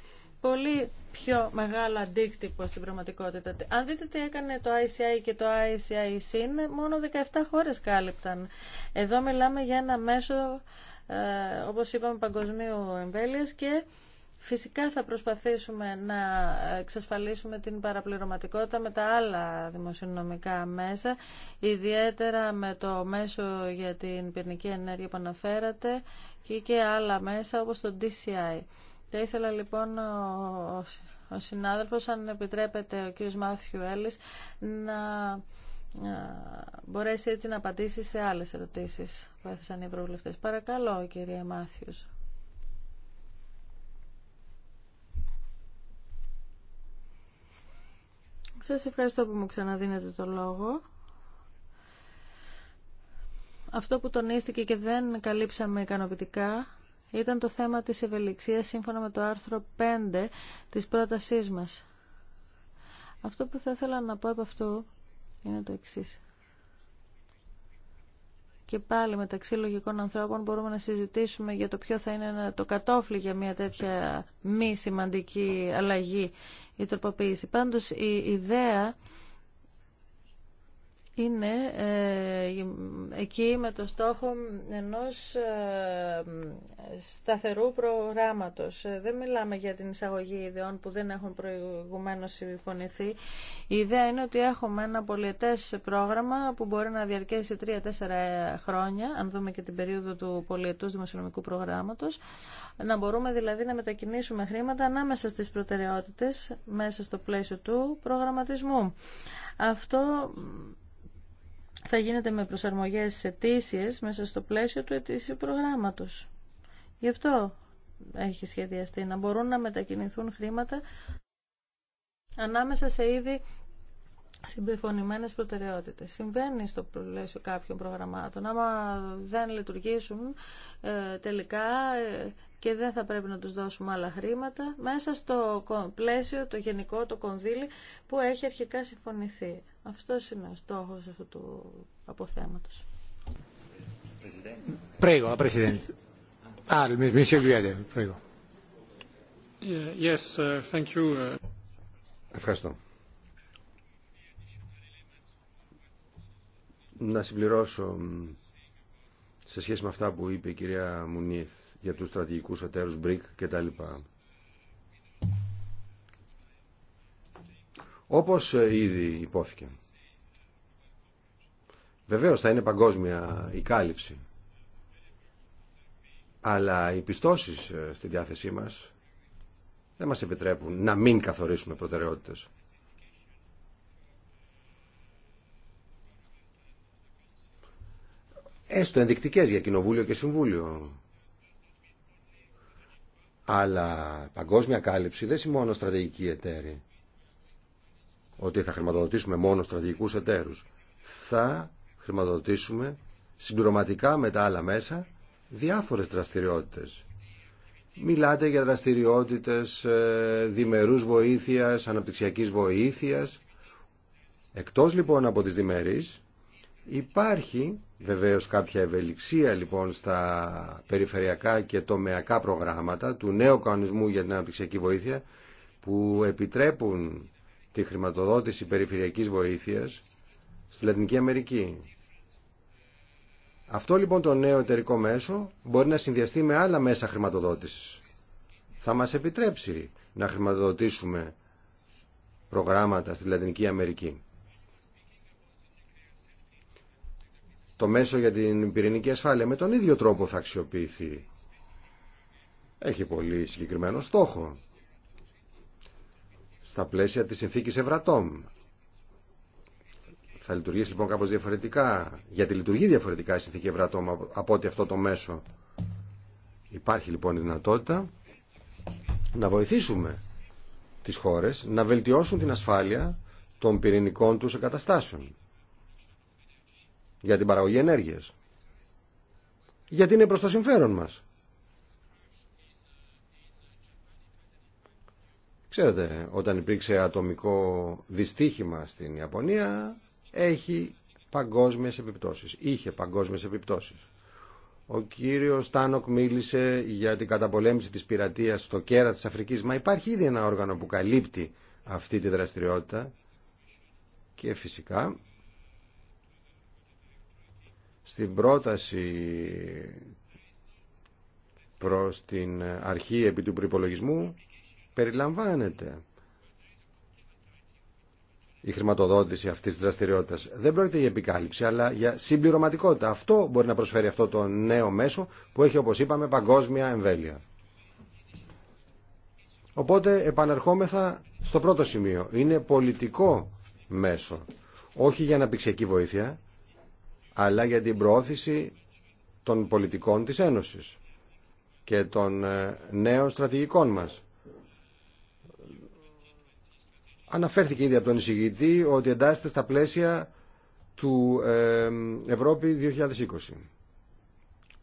πολύ πιο μεγάλο αντίκτυπο στην πραγματικότητα. Αν δείτε τι έκανε το ICI και το ICI SIN, μόνο 17 χώρες κάλυπταν. Εδώ μιλάμε για ένα μέσο, ε, όπως είπαμε, παγκοσμίου εμβέλειας και Φυσικά θα προσπαθήσουμε να εξασφαλίσουμε την παραπληρωματικότητα με τα άλλα δημοσιονομικά μέσα, ιδιαίτερα με το μέσο για την πυρνική ενέργεια που αναφέρατε και, και άλλα μέσα όπως το DCI. Θα ήθελα λοιπόν ο, ο συνάδελφος, αν επιτρέπεται ο κ. Μάθιου Έλλης, να μπορέσει έτσι να απαντήσει σε άλλες ερωτήσεις που έθεσαν οι προβλεφτές. Παρακαλώ, κυρία Μάθιους. Σας ευχαριστώ που μου ξαναδίνετε το λόγο. Αυτό που τονίστηκε και δεν καλύψαμε ικανοποιητικά ήταν το θέμα της ευελιξίας σύμφωνα με το άρθρο 5 της πρότασής μας. Αυτό που θα ήθελα να πω από αυτό είναι το εξής και πάλι μεταξύ λογικών ανθρώπων μπορούμε να συζητήσουμε για το ποιο θα είναι το κατόφλι για μια τέτοια μη σημαντική αλλαγή ή τροποποίηση. Πάντως η ιδέα είναι ε, εκεί με το στόχο ενός ε, σταθερού προγράμματος. Ε, δεν μιλάμε για την εισαγωγή ιδεών που δεν έχουν προηγουμένως συμφωνηθεί. Η ιδέα είναι ότι έχουμε ένα πολιετές πρόγραμμα που μπορεί να διαρκέσει 3-4 χρόνια, αν δούμε και την περίοδο του πολιετούς δημοσιονομικού προγράμματος, να μπορούμε δηλαδή να μετακινήσουμε χρήματα ανάμεσα στις προτεραιότητες μέσα στο πλαίσιο του προγραμματισμού. Αυτό θα γίνεται με προσαρμογές ετήσιες μέσα στο πλαίσιο του ετήσιου προγράμματος. Γι' αυτό έχει σχεδιαστεί, να μπορούν να μετακινηθούν χρήματα ανάμεσα σε ήδη συμπεφωνημένε προτεραιότητε. Συμβαίνει στο πλαίσιο κάποιων προγραμμάτων. Άμα δεν λειτουργήσουν ε, τελικά ε, και δεν θα πρέπει να τους δώσουμε άλλα χρήματα μέσα στο πλαίσιο, το γενικό, το κονδύλι που έχει αρχικά συμφωνηθεί. Αυτό είναι ο στόχο αυτού του αποθέματο. Πρέγω, ah, Yes, uh, thank you. Uh. Ευχαριστώ. Να συμπληρώσω σε σχέση με αυτά που είπε η κυρία Μουνίθ για τους στρατηγικούς εταίρους BRIC και τα λοιπά. Όπως ε, ήδη υπόθηκε. Βεβαίως θα είναι παγκόσμια η κάλυψη. Αλλά οι πιστώσεις ε, στη διάθεσή μας δεν μας επιτρέπουν να μην καθορίσουμε προτεραιότητες. Έστω ενδεικτικές για Κοινοβούλιο και Συμβούλιο. Αλλά παγκόσμια κάλυψη δεν σημαίνει μόνο στρατηγική εταίρη ότι θα χρηματοδοτήσουμε μόνο στρατηγικού εταίρους. Θα χρηματοδοτήσουμε συμπληρωματικά με τα άλλα μέσα διάφορες δραστηριότητες. Μιλάτε για δραστηριότητες ε, διμερούς βοήθειας, αναπτυξιακής βοήθειας. Εκτός λοιπόν από τις διμερείς υπάρχει βεβαίως κάποια ευελιξία λοιπόν στα περιφερειακά και τομεακά προγράμματα του νέου κανονισμού για την αναπτυξιακή βοήθεια που επιτρέπουν τη χρηματοδότηση περιφερειακής βοήθειας στη Λατινική Αμερική. Αυτό λοιπόν το νέο εταιρικό μέσο μπορεί να συνδυαστεί με άλλα μέσα χρηματοδότησης. Θα μας επιτρέψει να χρηματοδοτήσουμε προγράμματα στη Λατινική Αμερική. Το μέσο για την πυρηνική ασφάλεια με τον ίδιο τρόπο θα αξιοποιηθεί. Έχει πολύ συγκεκριμένο στόχο στα πλαίσια της συνθήκης Ευρατόμ. Θα λειτουργήσει λοιπόν κάπως διαφορετικά, γιατί λειτουργεί διαφορετικά η συνθήκη Ευρατόμ από ότι αυτό το μέσο. Υπάρχει λοιπόν η δυνατότητα να βοηθήσουμε τις χώρες να βελτιώσουν την ασφάλεια των πυρηνικών τους εγκαταστάσεων για την παραγωγή ενέργειας. Γιατί είναι προς το συμφέρον μας. Ξέρετε, όταν υπήρξε ατομικό δυστύχημα στην Ιαπωνία, έχει παγκόσμιες επιπτώσεις. Είχε παγκόσμιες επιπτώσεις. Ο κύριος Τάνοκ μίλησε για την καταπολέμηση της πειρατείας στο κέρα της Αφρικής. Μα υπάρχει ήδη ένα όργανο που καλύπτει αυτή τη δραστηριότητα. Και φυσικά, στην πρόταση προς την αρχή επί του προϋπολογισμού περιλαμβάνεται η χρηματοδότηση αυτή τη δραστηριότητα. Δεν πρόκειται για επικάλυψη, αλλά για συμπληρωματικότητα. Αυτό μπορεί να προσφέρει αυτό το νέο μέσο που έχει, όπω είπαμε, παγκόσμια εμβέλεια. Οπότε επαναρχόμεθα στο πρώτο σημείο. Είναι πολιτικό μέσο. Όχι για αναπτυξιακή βοήθεια, αλλά για την προώθηση των πολιτικών της Ένωσης και των ε, νέων στρατηγικών μας. Αναφέρθηκε ήδη από τον εισηγητή ότι εντάσσεται στα πλαίσια του Ευρώπη 2020.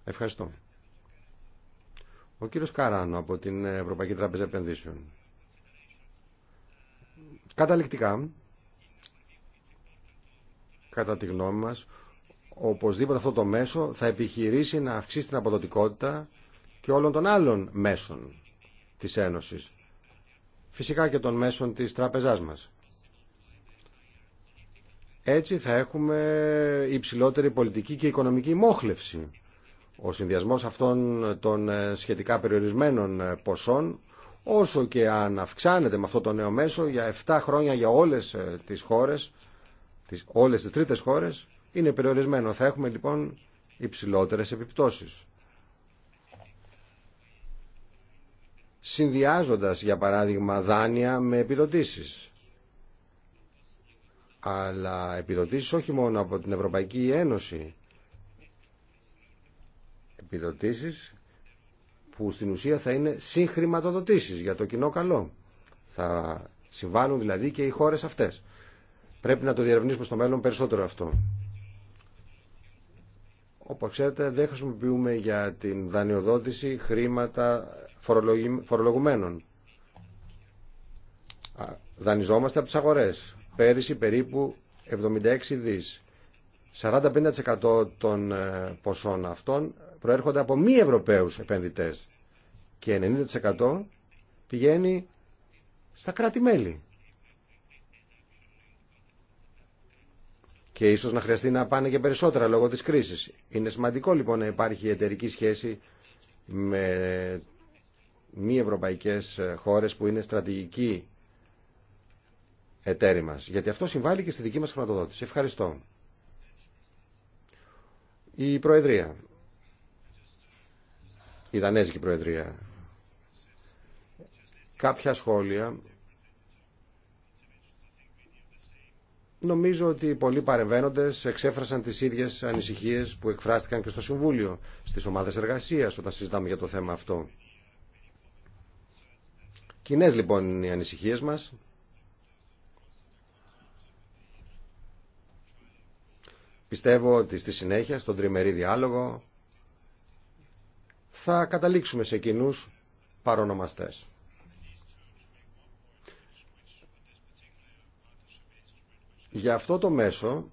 Ευχαριστώ. Ο κύριος Καράνο από την Ευρωπαϊκή Τράπεζα Επενδύσεων. Καταληκτικά, κατά τη γνώμη μας, οπωσδήποτε αυτό το μέσο θα επιχειρήσει να αυξήσει την αποδοτικότητα και όλων των άλλων μέσων της Ένωσης φυσικά και των μέσων της τράπεζάς μας. Έτσι θα έχουμε υψηλότερη πολιτική και οικονομική μόχλευση. Ο συνδυασμός αυτών των ε, σχετικά περιορισμένων ε, ποσών, όσο και αν αυξάνεται με αυτό το νέο μέσο, για 7 χρόνια για όλες ε, τις χώρες, τις, όλες τις τρίτες χώρες, είναι περιορισμένο. Θα έχουμε λοιπόν υψηλότερες επιπτώσεις. συνδυάζοντας για παράδειγμα δάνεια με επιδοτήσεις. Αλλά επιδοτήσεις όχι μόνο από την Ευρωπαϊκή Ένωση. Επιδοτήσεις που στην ουσία θα είναι συγχρηματοδοτήσεις για το κοινό καλό. Θα συμβάλλουν δηλαδή και οι χώρες αυτές. Πρέπει να το διερευνήσουμε στο μέλλον περισσότερο αυτό. Όπως ξέρετε δεν χρησιμοποιούμε για την δανειοδότηση χρήματα φορολογουμένων. Δανειζόμαστε από τις αγορές. Πέρυσι περίπου 76 δις. 40-50% των ε, ποσών αυτών προέρχονται από μη Ευρωπαίους επενδυτές και 90% πηγαίνει στα κράτη-μέλη. Και ίσως να χρειαστεί να πάνε και περισσότερα λόγω της κρίσης. Είναι σημαντικό λοιπόν να υπάρχει εταιρική σχέση με μη ευρωπαϊκές ε, χώρες που είναι στρατηγικοί εταίροι μας. Γιατί αυτό συμβάλλει και στη δική μας χρηματοδότηση. Ευχαριστώ. Η Προεδρία. Η Δανέζικη Προεδρία. Κάποια σχόλια. Νομίζω ότι πολλοί παρεμβαίνοντε εξέφρασαν τις ίδιε ανησυχίες που εκφράστηκαν και στο Συμβούλιο, στις ομάδες εργασίας όταν συζητάμε για το θέμα αυτό. Κοινέ λοιπόν είναι οι ανησυχίε μας. Πιστεύω ότι στη συνέχεια, στον τριμερή διάλογο, θα καταλήξουμε σε κοινού παρονομαστές. Για αυτό το μέσο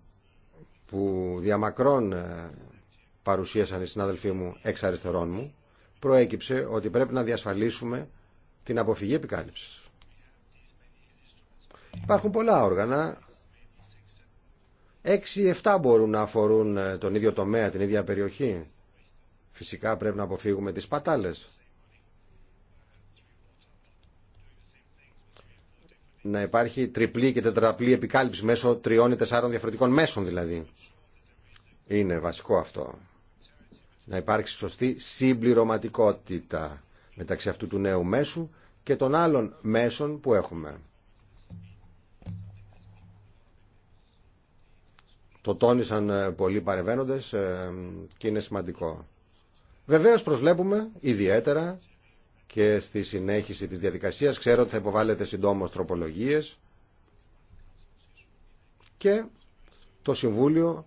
που διαμακρών ε, παρουσίασαν οι συνάδελφοί μου εξ αριστερών μου, προέκυψε ότι πρέπει να διασφαλίσουμε την αποφυγή επικάλυψης. Υπάρχουν πολλά ή εφτά μπορούν να αφορούν ε, τον ίδιο τομέα, την ίδια περιοχή. Φυσικά πρέπει να αποφύγουμε τις πατάλες. Να υπάρχει τριπλή και τετραπλή επικάλυψη μέσω τριών ή τεσσάρων διαφορετικών μέσων δηλαδή. Είναι βασικό αυτό. Να υπάρχει σωστή συμπληρωματικότητα μεταξύ αυτού του νέου μέσου και των άλλων μέσων που έχουμε. Το τόνισαν ε, πολλοί παρεβαίνοντες ε, και είναι σημαντικό. Βεβαίως προσβλέπουμε ιδιαίτερα και στη συνέχιση της διαδικασίας. Ξέρω ότι θα υποβάλλετε συντόμως τροπολογίες και το Συμβούλιο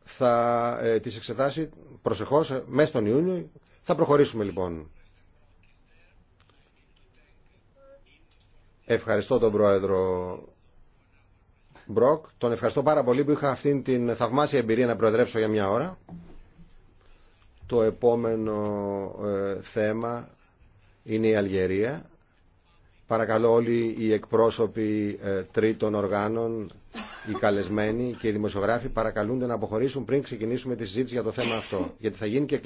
θα ε, τις εξετάσει προσεχώς μέσα τον Ιούνιο θα προχωρήσουμε λοιπόν. Ευχαριστώ τον Πρόεδρο Μπροκ. Τον ευχαριστώ πάρα πολύ που είχα αυτήν την θαυμάσια εμπειρία να προεδρεύσω για μια ώρα. Το επόμενο ε, θέμα είναι η Αλγερία. Παρακαλώ όλοι οι εκπρόσωποι ε, τρίτων οργάνων, οι καλεσμένοι και οι δημοσιογράφοι παρακαλούνται να αποχωρήσουν πριν ξεκινήσουμε τη συζήτηση για το θέμα αυτό. Γιατί θα γίνει και